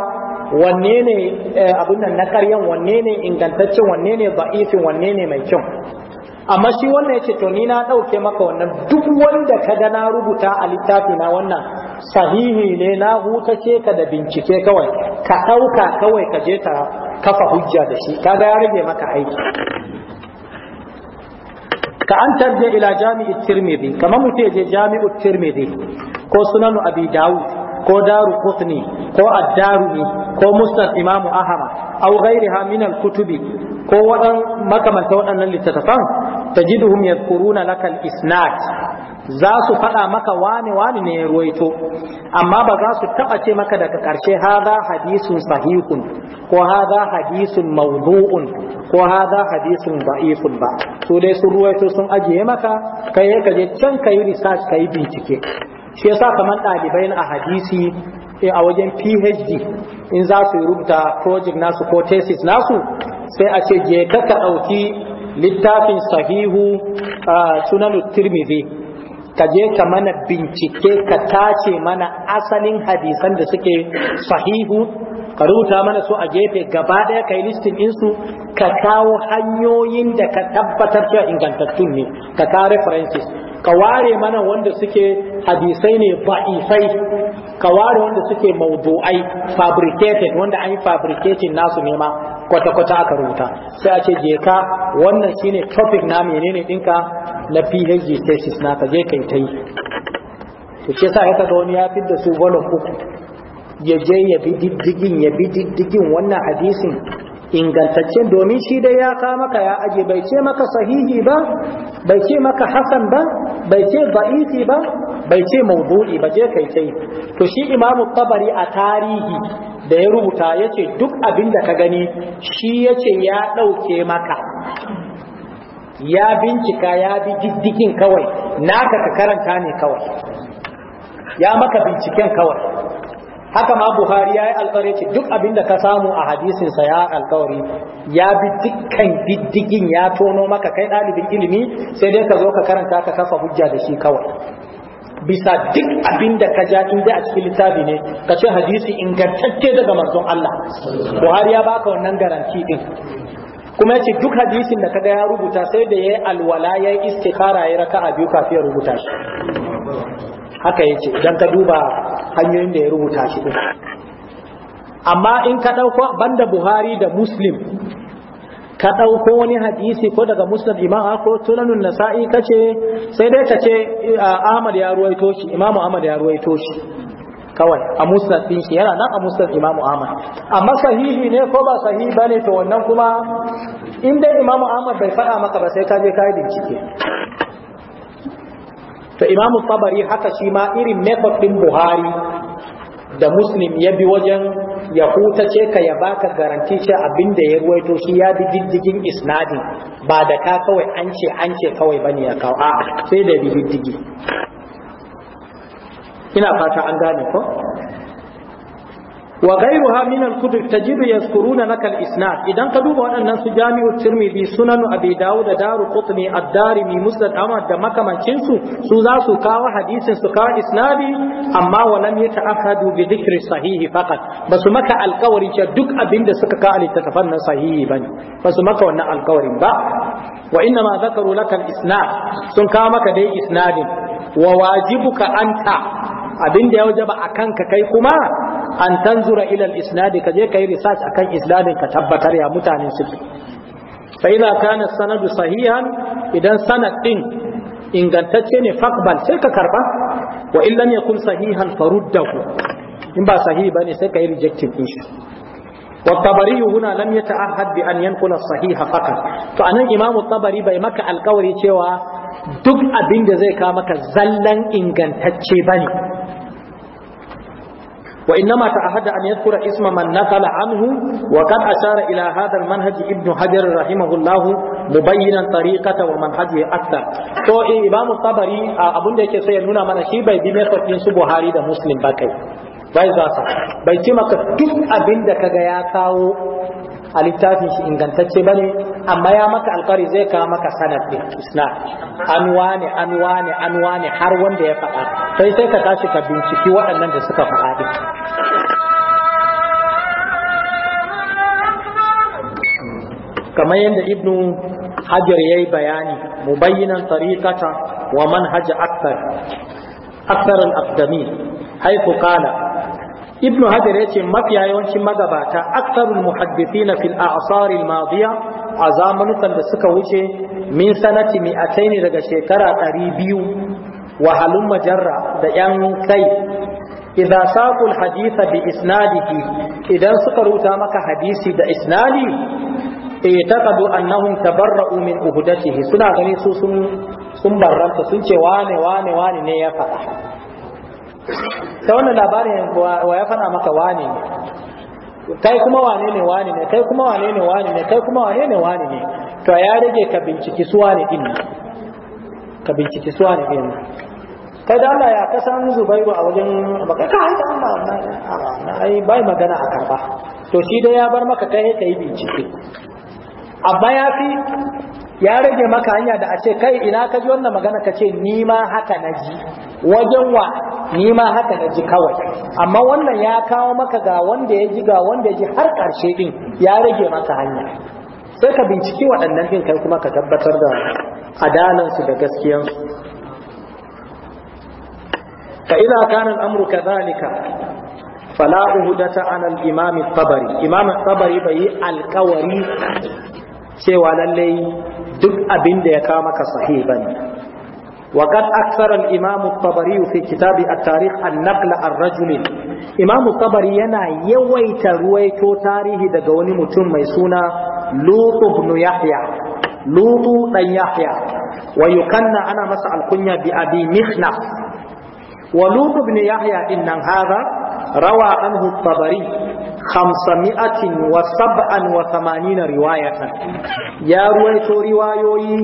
wanne ne eh, abin nan na karyan wanne ne ingantaccen wanne ne ba'ifin wanne ne mai kyau amma shi wannan yace to ni na dauke maka wannan duk wanda ka ga na rubuta a littafi na wannan sahihi ne na hutace ka da bincike kawai ka dauka kawai ka je ta kafa hujja da shi kaga ya rage maka aiki ka an tarje ila jami'i tirmidhi kamar mutum je jami'u tirmidhi ko sunan abi dawud ko daru qutni ko ad ko musnad imam ahmad aw Rihaminal min al-kutubi ko wadan makamanta wadannan littattafan tajiduhum yadhkuruna lakal isnad za su faɗa maka wani wani ne ya ruwaito amma ba za su taɓa ce maka daga ƙarshe haza hadisun sahihun ko haza hadisun mawdu'un ko haza hadisun da'ifun ba su dai sun ruwaito sun ajiye maka kai ka je can ka yi research ka yi bincike shi yasa kamar ɗalibai a hadisi eh, a wajen phd in za su rubuta project nasu ko thesis nasu sai a ce je ka ɗauki littafin sahihu sunanu tirmidhi ka je ka mana bincike ka tace mana asalin hadisan da suke sahihu ka rubuta mana su a gefe gaba ɗaya ka yi listin ɗinsu ka kawo hanyoyin da ka tabbatar cewa ingantattun ne ka kawo references ka ware mana wanda suke hadisai ne ba'ifai ka ware wanda suke maudu'ai fabricated wanda an yi fabricating nasu ne ma kwata-kwata aka rubuta sai a ce je ka wannan shine topic na menene dinka na PhD thesis naka je kai tai yi to ke sa haka ga wani ya fi da su wannan ya je ya bi diddigin ya bi diddigin wannan hadisin ingantaccen domin shi dai ya ka maka ya aje bai ce maka sahihi ba bai ce maka hasan ba bai ce ba'iti ba bai ce mawdu'i ba je kai kai to shi imamu tabari a tarihi da ya rubuta ya ce duk abin da ka gani shi ya ce ya ɗauke maka ya bincika ya bi diddigin kawai naka ka karanta ne kawai ya maka binciken kawai haka ma buhari ya yi alkawari ce duk abin da ka samu a hadisinsa ya alkawari ya bi dukkan diddigin ya tono maka kai ɗalibin ilimi sai dai ka zo ka karanta ka kafa hujja da shi kawai bisa duk abin da ka ja inda a cikin littafi ne ka ce hadisi ingantacce daga manzon Allah buhari ya baka wannan garanti din kuma ya ce duk hadisin da kaga ya rubuta sai da ya yi alwala ya yi istikhara ya raka a biyu kafin ya rubuta shi haka ya ce idan ka duba hanyoyin da ya rubuta shi ɗin. amma in ka ɗauko banda buhari da muslim ka ɗauko wani hadisi ko daga muslim imam ko tunanun nasa'i ka ce sai dai ka ce ahmad ya ruwaito shi imamu ahmad ya ruwaito shi kawai a musnad din shi yana nan a musnad imamu ahmad amma sahihi ne ko ba sahihi bane to wannan kuma in dai imamu ahmad bai faɗa maka ba sai ka je ka yi bincike to imamu tabari haka shi ma irin method din buhari da muslim ya bi wajen ya hutace ka ya baka garanti ce abin da ya ruwaito shi ya bi diddigin isnadin ba da ka kawai an ce an ce kawai bane ya kawo a'a sai da bi diddigi ina fata an gane ko wa ghayruha min al-kutub tajidu yazkuruna laka al-isnad idan ka duba waɗannan su jami'u tirmidhi sunan abi dawud da daru qutni ad-darimi musnad ahmad da makamancinsu. su su za su kawo hadisin su kawo isnadi amma wa lam yata'ahadu bi dhikri sahihi faqat basu maka alƙawari ce duk abinda suka kawo littattafan nan sahihi bane basu maka wannan alƙawarin ba wa inna ma zakaru laka al-isnad sun kawo maka dai isnadin wa wajibu ka anta abin da ya wajaba a kanka kai kuma an tanzura ilal isnadi ka je ka yi research akan isnadin ka tabbatar ya mutane su fa ina kana sanadu sahihan idan sanad din ingantacce ne faqbal sai ka karba wa in lam yakun sahihan faruddahu in ba sahihi bane sai ka yi rejecting din shi والطبري هنا لم يتعهد بأن ينقل الصحيح فقط فأنا imam'u الطبري bai maka alƙawari cewa duk abin da zai kawo maka zallan ingantacce bane وإنما تعهد أن يذكر اسم من نقل عنه وقد أشار إلى هذا المنهج ابن حجر رحمه الله مبينا طريقة ومنهجه أكثر تو إمام الطبري أبن ديك سينونا من أشيبه بمثل ينسو بهاري دا مسلم بكي bai za bai ce maka duk abin da kaga ya kawo a littafin shi ingantacce bane amma ya maka alkari zai kawo maka sanad din isnad an wane an wane an wane har wanda ya faɗa sai sai ka tashi ka binciki waɗannan da suka faɗa din kamar yadda ibnu hajar yayi bayani mubayyinan tariƙata wa manhaj akthar akthar al-aqdami ibn hajar yace mafiya yawancin magabata aktarul muhaddithina fil a'sar al madiya a zamanukan da suka wuce min sanati mi'atai ne daga shekara ɗari biyu, halum majarra da yan kai idza saqul haditha bi isnadihi idan suka rubuta maka hadisi da isnadi اعتقدوا انهم تبرؤوا من عهدته suna gani su sun sun barranta sun ce wane wane wane ne ya faɗa ta wannan labarin wa ya faɗa maka wane ne kai kuma wane ne wane ne kai kuma wane ne wane ne kai kuma wane ne wane ne to ya rage ka binciki su wane din ka binciki su wane din kai da Allah ya kasan Zubairu a wajen baka ka haɗa Allah na ai bai magana a karba to shi dai ya bar maka kai kai binciki. amma ya fi ya rage maka hanya da a ce kai ina ka ji wannan magana ka ce ni ma haka na ji wajen wa ni ma haka na ji kawai amma wannan ya kawo maka ga wanda ya ji ga wanda ya ji har karshe din ya rage maka hanya sai ka binciki waɗannan din kai kuma ka tabbatar da adalansu da gaskiyansu Ka idza kana al ka kadhalika fala uhdata ala al-imam at-tabari imam at tabari imam tabari bai alkawari cewa lallai duk abin da ya kawo maka sahih ba ne waqad aksarar imamu tabari kitabi a tarihi an nakla an rajulin imamu tabari yana yawaita ruwaito tarihi daga wani mutum mai suna lutu ibn yahya lutu dan yahya wa ana masa alkunya bi abi mihna wa lutu ibn yahya din nan hadha rawa anhu tabari khamsami'atin wa sab'an wa thamanina riwayatan ya ruwaito riwayoyi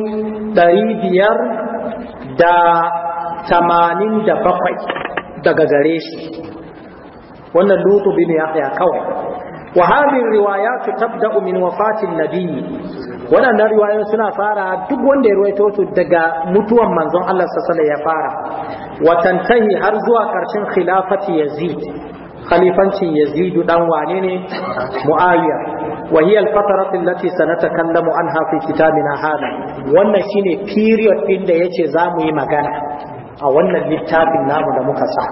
dari biyar da tamanin da bakwai daga gare shi wannan lutu bin yahya kawai wa hadhihi riwayat tabda'u min wafatin nabiyyi wannan riwayoyin suna fara duk wanda ya ruwaito su daga mutuwan manzon Allah sallallahu alaihi wasallam ya fara wa tantahi har zuwa karshen khilafati yazid khalifancin yazidu dan wane ne muawiya wa hiya al-fataratu mu sanatakallamu anha fi kitabina hada wannan shine period din da yace zamu yi magana a wannan littafin namu da muka sa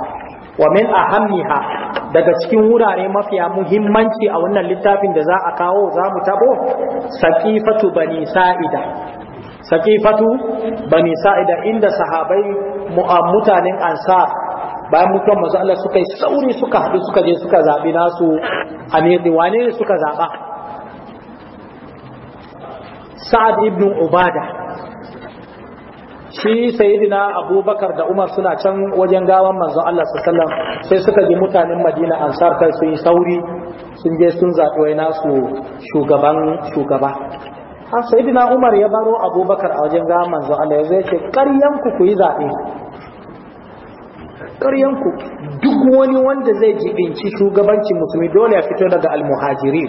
wa min ahammiha daga cikin wurare mafiya muhimmanci a wannan littafin da za a kawo za mu tabo saqifatu bani sa'ida saqifatu bani sa'ida inda sahabai mutanen ansar bayan mutuwar manzo Allah suka yi sauri suka haɗu suka je suka zaɓi nasu amiri wane ne suka zaɓa sa'ad ibn Obada, shi sayyidina abubakar da umar suna can wajen gawan manzon Allah sallallahu alaihi sai suka ji mutanen madina ansar kai sun yi sauri sun je sun zaɓi wai nasu shugaban shugaba Ha sayyidina umar ya baro abubakar a wajen gawan manzon Allah ya ce karyan ku ku yi zaɓe ƙaryanku duk wani wanda zai jibinci shugabancin musulmi dole ya fito daga almuhajiri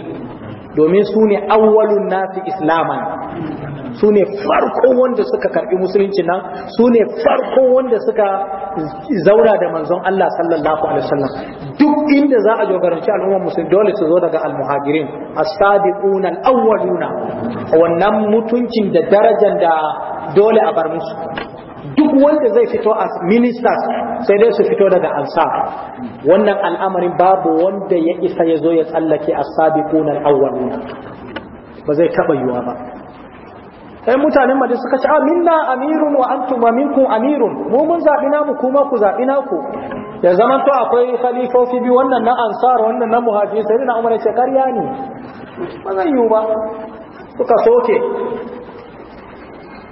domin su ne awwalun nasu islaman su ne farko wanda suka karbi musulunci nan su ne farko wanda suka zaura da manzon Allah sallallahu alaihi wasallam duk inda za a jagoranci al'ummar musulmi dole su zo daga almuhajirin as-sabiquna al-awwaluna wannan mutuncin da darajar da dole a bar musu duk wanda zai fito as ministers sai dai su fito daga ansa, wannan al'amarin babu wanda ya isa ya zo ya tsallake as-sabiqun al-awwaluna ba zai taba yiwa ba sai mutanen madina suka ce ah, minna amirun wa antum wa minkum amirun mu mun zabi namu kuma ku zabi naku ya zama to akwai khalifofi bi wannan na ansar wannan na muhajiri sai na umar ce karya ne ba zai yiwu ba suka soke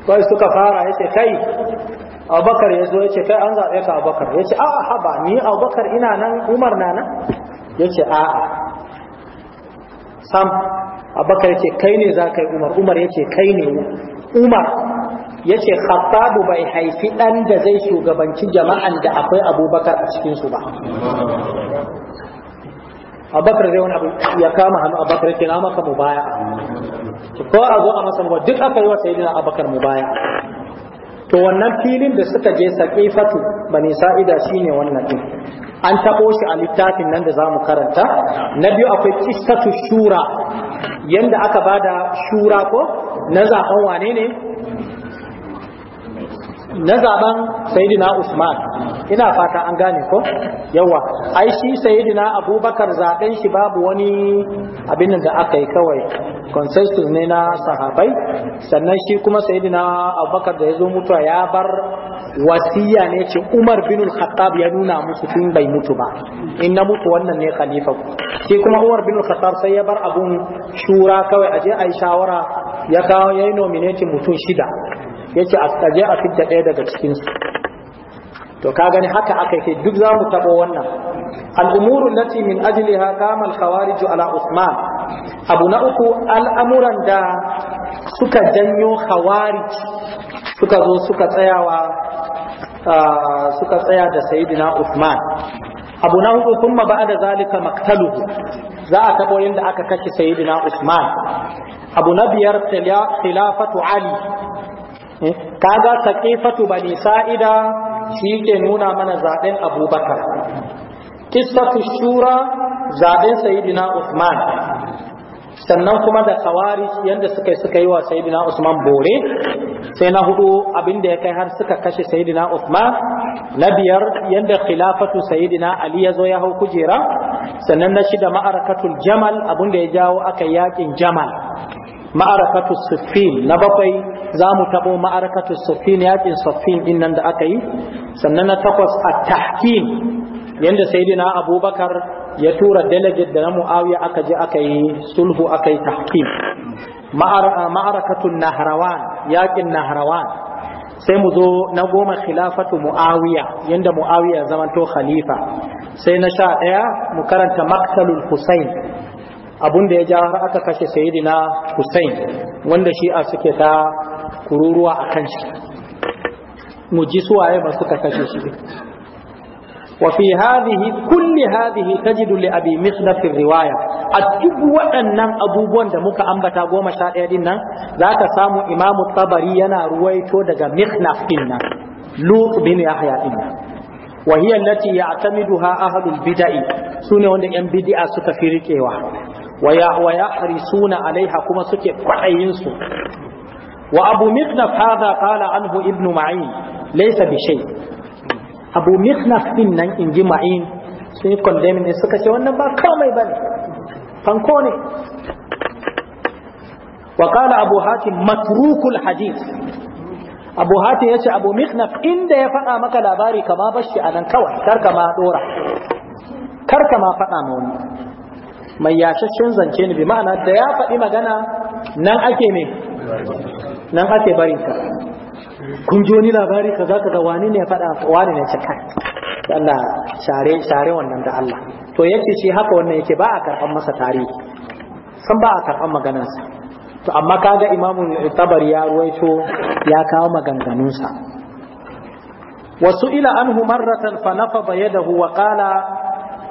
sai suka fara yace kai abubakar ya zo ya ce kai an zaɓe ka abubakar ya ce a a haba ni abubakar ina nan umar na nan ya ce a a sam abubakar ya ce kai ne za kai umar umar ya ce kai ne umar ya ce bai haifi ɗan da zai shugabanci jama'an da akwai abubakar a cikinsu ba abubakar zai wani abu ya kama hannu abubakar ya ce na maka mu baya ko a zo a masa ba duk aka yi wa sayyidina abakar baya to wannan filin da suka je saqifatu bani sa'ida shine wannan din an tabo shi a littafin nan da zamu karanta na biyu akwai qissatu shura yanda aka bada shura ko na zaban wane ne na zaban sayyidina usman ina fata an gane ko yawa ai shi sayyidina abubakar zaben shi babu wani abin da aka yi kawai consensus ne na sahabai sannan shi kuma sayyidina abubakar da ya zo mutuwa ya bar wasiya ne ce umar bin khattab ya nuna musu tun bai mutu ba in na mutu wannan ne khalifa shi kuma umar bin khattab sai ya bar abun shura kawai aje ai shawara ya kawo yayi nominating mutum shida yace a kaje a fitta ɗaya daga cikin su to ka gani haka aka yi. duk za mu taɓo wannan al'umurun lati min ajliha kama al ala usman abu na uku al'amuran da suka janyo khawarij suka zo suka tsayawa suka tsaya da sayyidina usman abu na hudu kuma da zalika maktaluhu za a taɓo yadda aka kashe sayyidina usman abu na biyar khilafatu ali eh, kaga saqifatu bani sa'ida shi ke nuna mana zaɓen abubakar kistatu shura zaɓen sayidina usman sannan kuma da khawarij yadda suka suka yi wa sayyidina Usman bore sai na hudu abinda ya kai har suka kashe sayyidina Usman na biyar yadda khilafatu sayidina Ali ya zo ya hau kujera sannan na shida ma'arakatul Jamal abinda ya jawo aka yaƙin Jamal ma'arakatu siffin na bakwai za mu taɓo ma'arakatu siffin yakin siffin din nan da aka yi sannan na takwas a tahkim yadda sayidina abubakar ya tura delegate da na mu'awiya aka je aka yi sulhu aka yi tahkim ma'arakatun nahrawan yakin nahrawan sai mu zo na goma khilafatu mu'awiya yadda mu'awiya zamanto khalifa sai na sha ɗaya mu karanta maktalul husain abun da ya ja har aka kashe sayidina Hussein wanda a suke ta kururuwa a kan shi mu ji suwaye ba suka kashe shi wa fi hadhihi kulli hadhihi tajidu li abi misdaf riwaya a duk waɗannan abubuwan da muka ambata goma sha ɗaya din nan zaka samu imamu tabari yana ruwaito daga mihnaf din nan lut bin yahya din nan wa hiya allati ya'tamiduha ahlul bid'ah sune wanda yan bid'a suka fi riƙewa wa yahrisuna alaiha kuma suke kwaɗayin su wa abu miknaf haza kala anhu ibnu ma'in laysa bi shay abu miknaf din nan in inji ma'in sai condemn ne suka ce wannan ba komai bane fanko ne wa qala abu hatim matrukul hadith abu hatim yace abu miknaf inda ya faɗa maka labari kama bashi a nan kawai kar ma dora kar ma faɗa ma wani mai yashashen zance ne bi ma'ana da ya faɗi magana nan ake ne nan ake barinka kun ji wani labari ka za ka ga wani ne faɗa wani ne cika da Allah share share wannan da Allah to yake shi haka wannan yake ba a karɓan masa tarihi san ba a karɓan maganarsa to amma kaga imamu tabari ya ruwaito ya kawo maganganunsa wasu ila anhu marratan fa nafada yadahu wa qala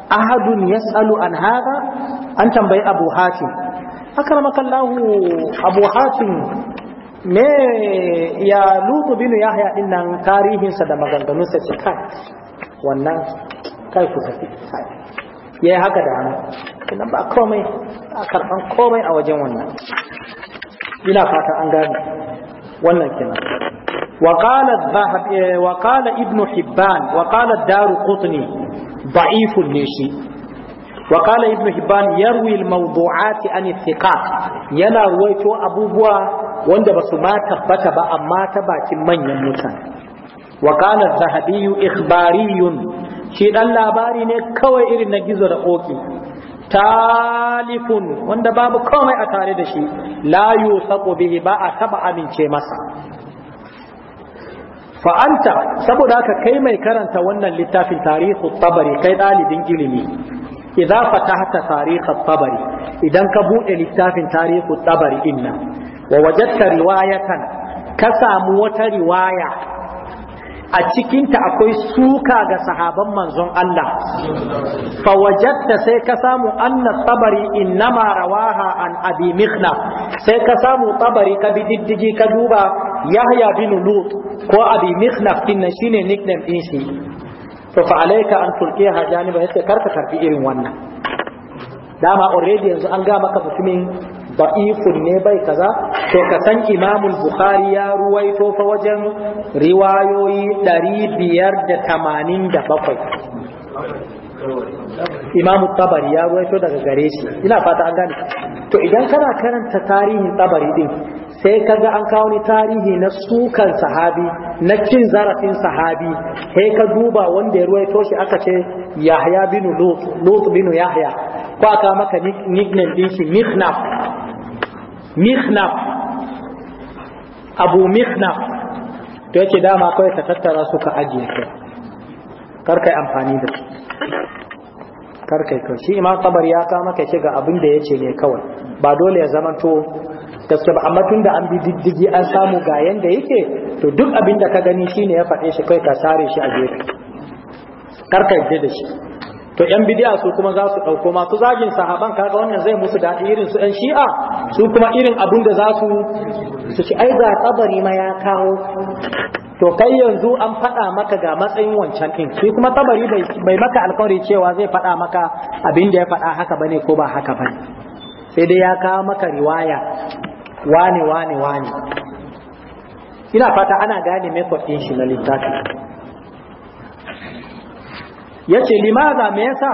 ahadun yas'alu an hadha an tambayi abu hatim akramakallahu abu hatim me ya lutu binu haya din nan tarihinsa da maganganunsa ce kai wannan kai ku tafi kai ya yi haka da hannu kuma ba komai a karɓan komai a wajen wannan ina fata an gane wannan kenan وقال الذهب وقال ابن حبان وقال الدار قطني ضعيف النشي وقال ابن حبان يروي الموضوعات عن الثقات ينا رويتو أبوبوا wanda basu ma tabbata ba amma ta bakin manyan mutane wa zahabiyu az shi ɗan labari ne kawai irin na gizo da koki talifun wanda babu komai a tare da shi la yusaqu bihi ba a taba amince masa fa anta saboda aka kai mai karanta wannan littafin tarihu tabari kai dalibin ilimi idza fatahta tarikh at-tabari idan ka bude littafin tarikh at-tabari inna wa ka samu wata riwaya a cikinta akwai suka ga sahaban manzon Allah fa sai ka samu anna tabari innama rawaha an abi mikhna sai ka samu tabari ka bi diddigi ka duba yahya bin lut ko abi mikhna shine nickname din shi to fa alayka an tulqiha janiba yace karka karbi irin wannan dama already yanzu an ga maka mutumin da'ifun ne bai kaza to ka san imamul bukhari ya ruwaito fa wajen riwayoyi 587 Imam tabari ya ruwaito daga gare shi ina fata an gane to idan kana karanta tarihin tabari din sai kaga an kawo ni tarihi na sukan sahabi na cin zarafin sahabi sai ka duba wanda ya ruwaito shi aka ce Yahya bin Lut Lut bin Yahya ko aka maka nickname din shi Mikhnaf Mikhnaf Abu Mikhnaf to yake dama kawai ka tattara su ka ajiye su kar kai amfani da su kar kai to shi Imam Tabari ya kawo maka ce ga abin da yace ne kawai ba dole ya zamanto gaske ba amma tun da an bi diddigi an samu ga yanda yake to duk abin da ka gani shine ya faɗe shi kai ka sare shi a gefe karka yadda da shi to yan bidiya su kuma za su ɗauko masu zagin sahaban kaga wannan zai musu daɗi irin su yan shi'a su kuma irin abin da za su su ci ai kabari ma ya kawo to kai yanzu an faɗa maka ga matsayin wancan ɗin shi kuma kabari bai maka alkawari cewa zai faɗa maka abin da ya faɗa haka bane ko ba haka bane sai dai ya kawo maka riwaya wane wane wane ina fata ana gane method din shi na littafi Ya ce limaza me yasa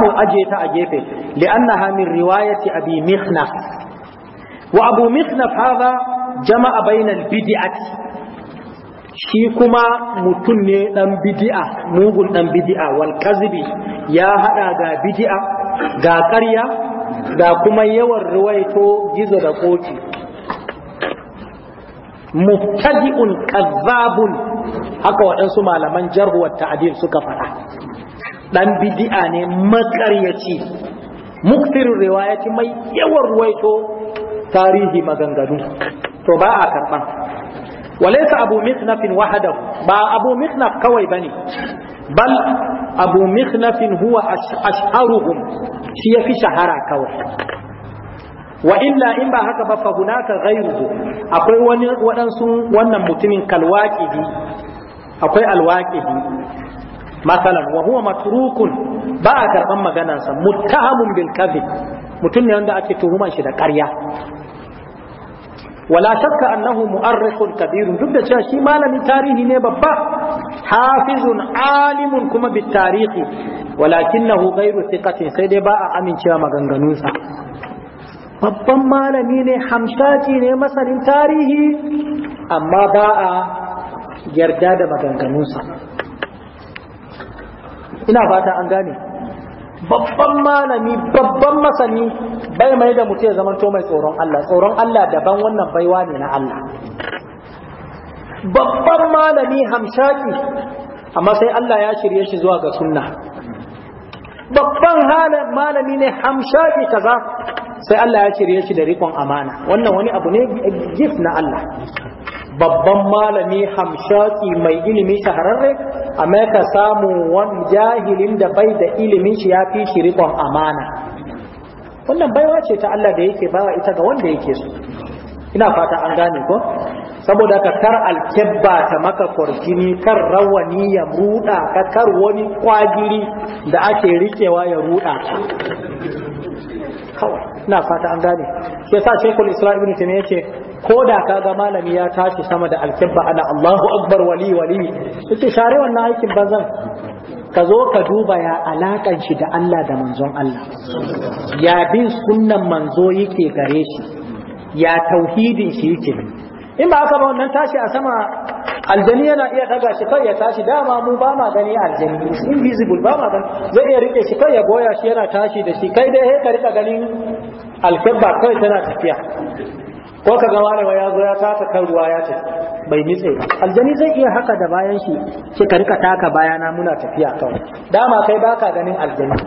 mu aje ta a gefe li'anna hamin riwayati abi mihna wa abu mihna hadha jama'a bainal bid'ati shi kuma mutum ne dan bidi'a mugun dan bidi'a wal kazibi ya hada ga bidi'a ga karya. da kuma yawan ruwaito gizo da koki muftadi'un kazzabun haka waɗansu malaman jarhu wa ta'dil suka faɗa dan bid'a ne makaryaci muktirin riwayati mai yawan ruwaito tarihi maganganu to ba a karɓan walaysa abu mithnaf wahadar ba abu mithnaf kawai bane bal abu mikhnafin huwa ashharuhum shi ya fi shahara kawai wa illa in ba haka ba fa hunaka ghayruhu akwai wani wadansu wannan mutumin kalwaqidi akwai alwaqidi masalan wa huwa matrukun ba a karban maganarsa muttahamun bil kadhib mutum ne wanda ake tuhumar shi da karya. wala shakka annahu mu'arrikhun Kabiru, duk da cewa shi malamin tarihi ne babba hafizun alimun kuma bit tarihi walakinahu ghairu thiqatin sai dai ba a amincewa maganganunsa babban malami ne hamshaki ne masanin tarihi amma ba a yarda da maganganunsa ina fata an gane babban malami babban masani bai mai da mutum ya zamanto mai tsoron Allah tsoron Allah daban wannan baiwa ne na Allah babban malami hamshaki amma sai Allah ya shirye shi zuwa ga sunna babban malami ne hamshaki kaza sai Allah ya shirye shi da rikon amana wannan wani abu ne gift na Allah babban malami hamshaki mai ilimi shahararre amma ka samu wani jahilin da bai da ilimin shi ya fi shi riƙon amana wannan baiwa ce ta Allah da yake bawa ita ga wanda yake so ina fata an gane ko saboda ka kar alkebba ta maka kwarjini kar rawani ya ruda ka kar wani kwagiri da ake rikewa ya ruda kawai ina fata an gane shi yasa shekul isra'i ibn taymiya yace ko da kaga malami ya tashi sama da alkibba ana Allahu akbar wali wali yace share wannan aikin banzan ka zo ka duba ya alakan shi da Allah da manzon Allah ya bin sunnan manzo yake gare shi ya tauhidin shi yake in ba aka ba wannan tashi a sama aljani yana iya daga shi kai ya tashi dama mu ba ma gani aljani invisible ba ma gani zai iya rike shi kai ya goya shi yana tashi da shi kai dai ka rika ganin alkebba kawai tana tafiya ko ka ga malama ya zo ya taka kan ruwa ya ce bai nitse ba aljani zai iya haka da bayan shi shi ka rika taka bayana muna tafiya kawai dama kai baka ganin aljani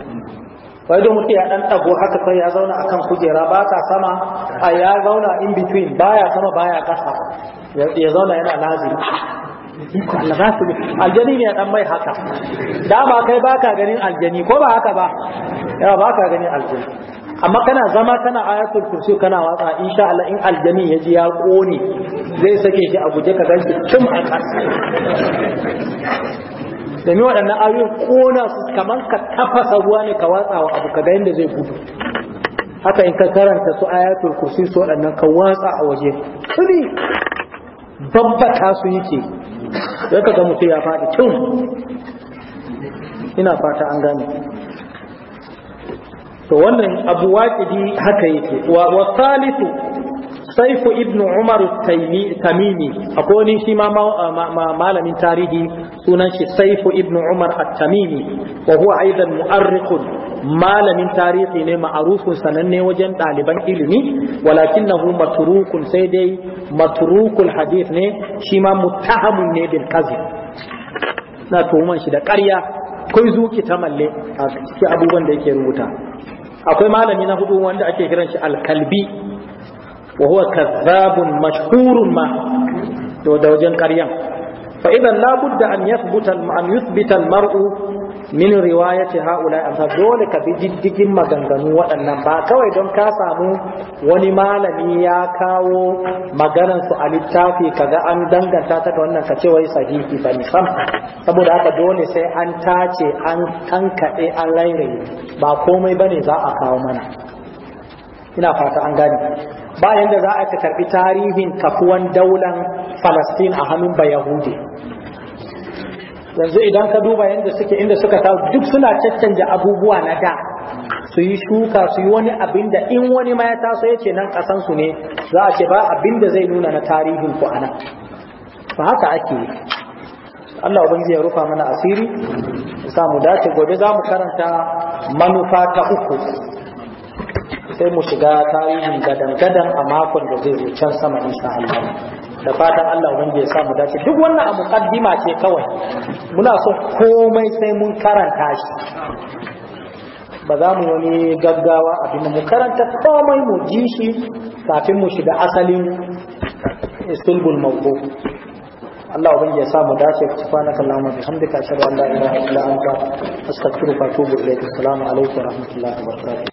wai don mutum ya dan dago haka kai ya zauna akan kujera ta sama a ya zauna in between baya sama baya kasa ya zauna yana lazimi iko Allah ba su aljani ne dan mai haka da ba kai baka ganin aljani ko ba haka ba yawa baka ganin aljani amma kana zama kana ayatul kursi kana watsa insha Allah in aljani ya ji ya kone zai sake shi a guje ka ganshi tum a ƙasa ni waɗannan ayoyin kona su kamar ka tafasa ruwa ne ka watsa wa abu ka ga yadda zai gudu haka in ka karanta su ayatul kursi su waɗannan ka watsa a waje kudi babbata su yake ya kaga mutu ya faɗi tun ina fata an gane to wannan abu waƙidi haka yake wa salisu saifu ibnu umar tamimi akwai wani shi ma malamin tarihi sunan shi saifu ibnu umar at-tamimi wa huwa aidan mu'arriqun malamin tarihi ne ma'arufun sananne wajen ɗaliban ilimi walakin na maturukun sai dai maturukun hadith ne shi ma mutahamun ne bil kazi na tuhuman shi da ƙarya kai zuki ta malle a cikin abubuwan da yake rubuta akwai malami na hudu wanda ake kiran shi alkalbi wa huwa kazzabun mashhurun ma da wajen ƙaryan fa idan labudda an yathbuta an yuthbita al-mar'u min riwayati haula amsa dole ka bi diddigin maganganu waɗannan ba kawai don ka samu wani malami ya kawo maganar su a littafi kaga an danganta ta da wannan ka ce wai sahihi ba ni sam saboda haka dole sai an tace an kankaɗe an rairaye ba komai bane za a kawo mana ina fata an gane bayan da za a ka karbi tarihin kafuwan daular falastin a hannun ba yahudi yanzu idan ka duba yadda suke inda suka ta duk suna da abubuwa na da su yi shuka su yi wani abin da in wani ma ya taso ya ce nan kasansu ne za a ce ba abin da zai nuna na tarihin ku anan ba haka ake yi Allah ubangiji ya rufa mana asiri sa mu dace gobe za mu karanta manufa ta uku sai mu shiga tarihin gadan gadan a makon da zai zo can sama insha Allah da fatan Allah wani ya samu dace duk wannan a mukaddima ce kawai muna so komai sai mun karanta shi ba za mu wani gaggawa abin mu karanta komai mu ji shi kafin mu shiga asalin sulbul mawdu Allah wani ya samu dace subhanakallahumma wa bihamdika ashhadu an la ilaha illa anta astaghfiruka wa atubu assalamu alaikum wa rahmatullahi wa barakatuh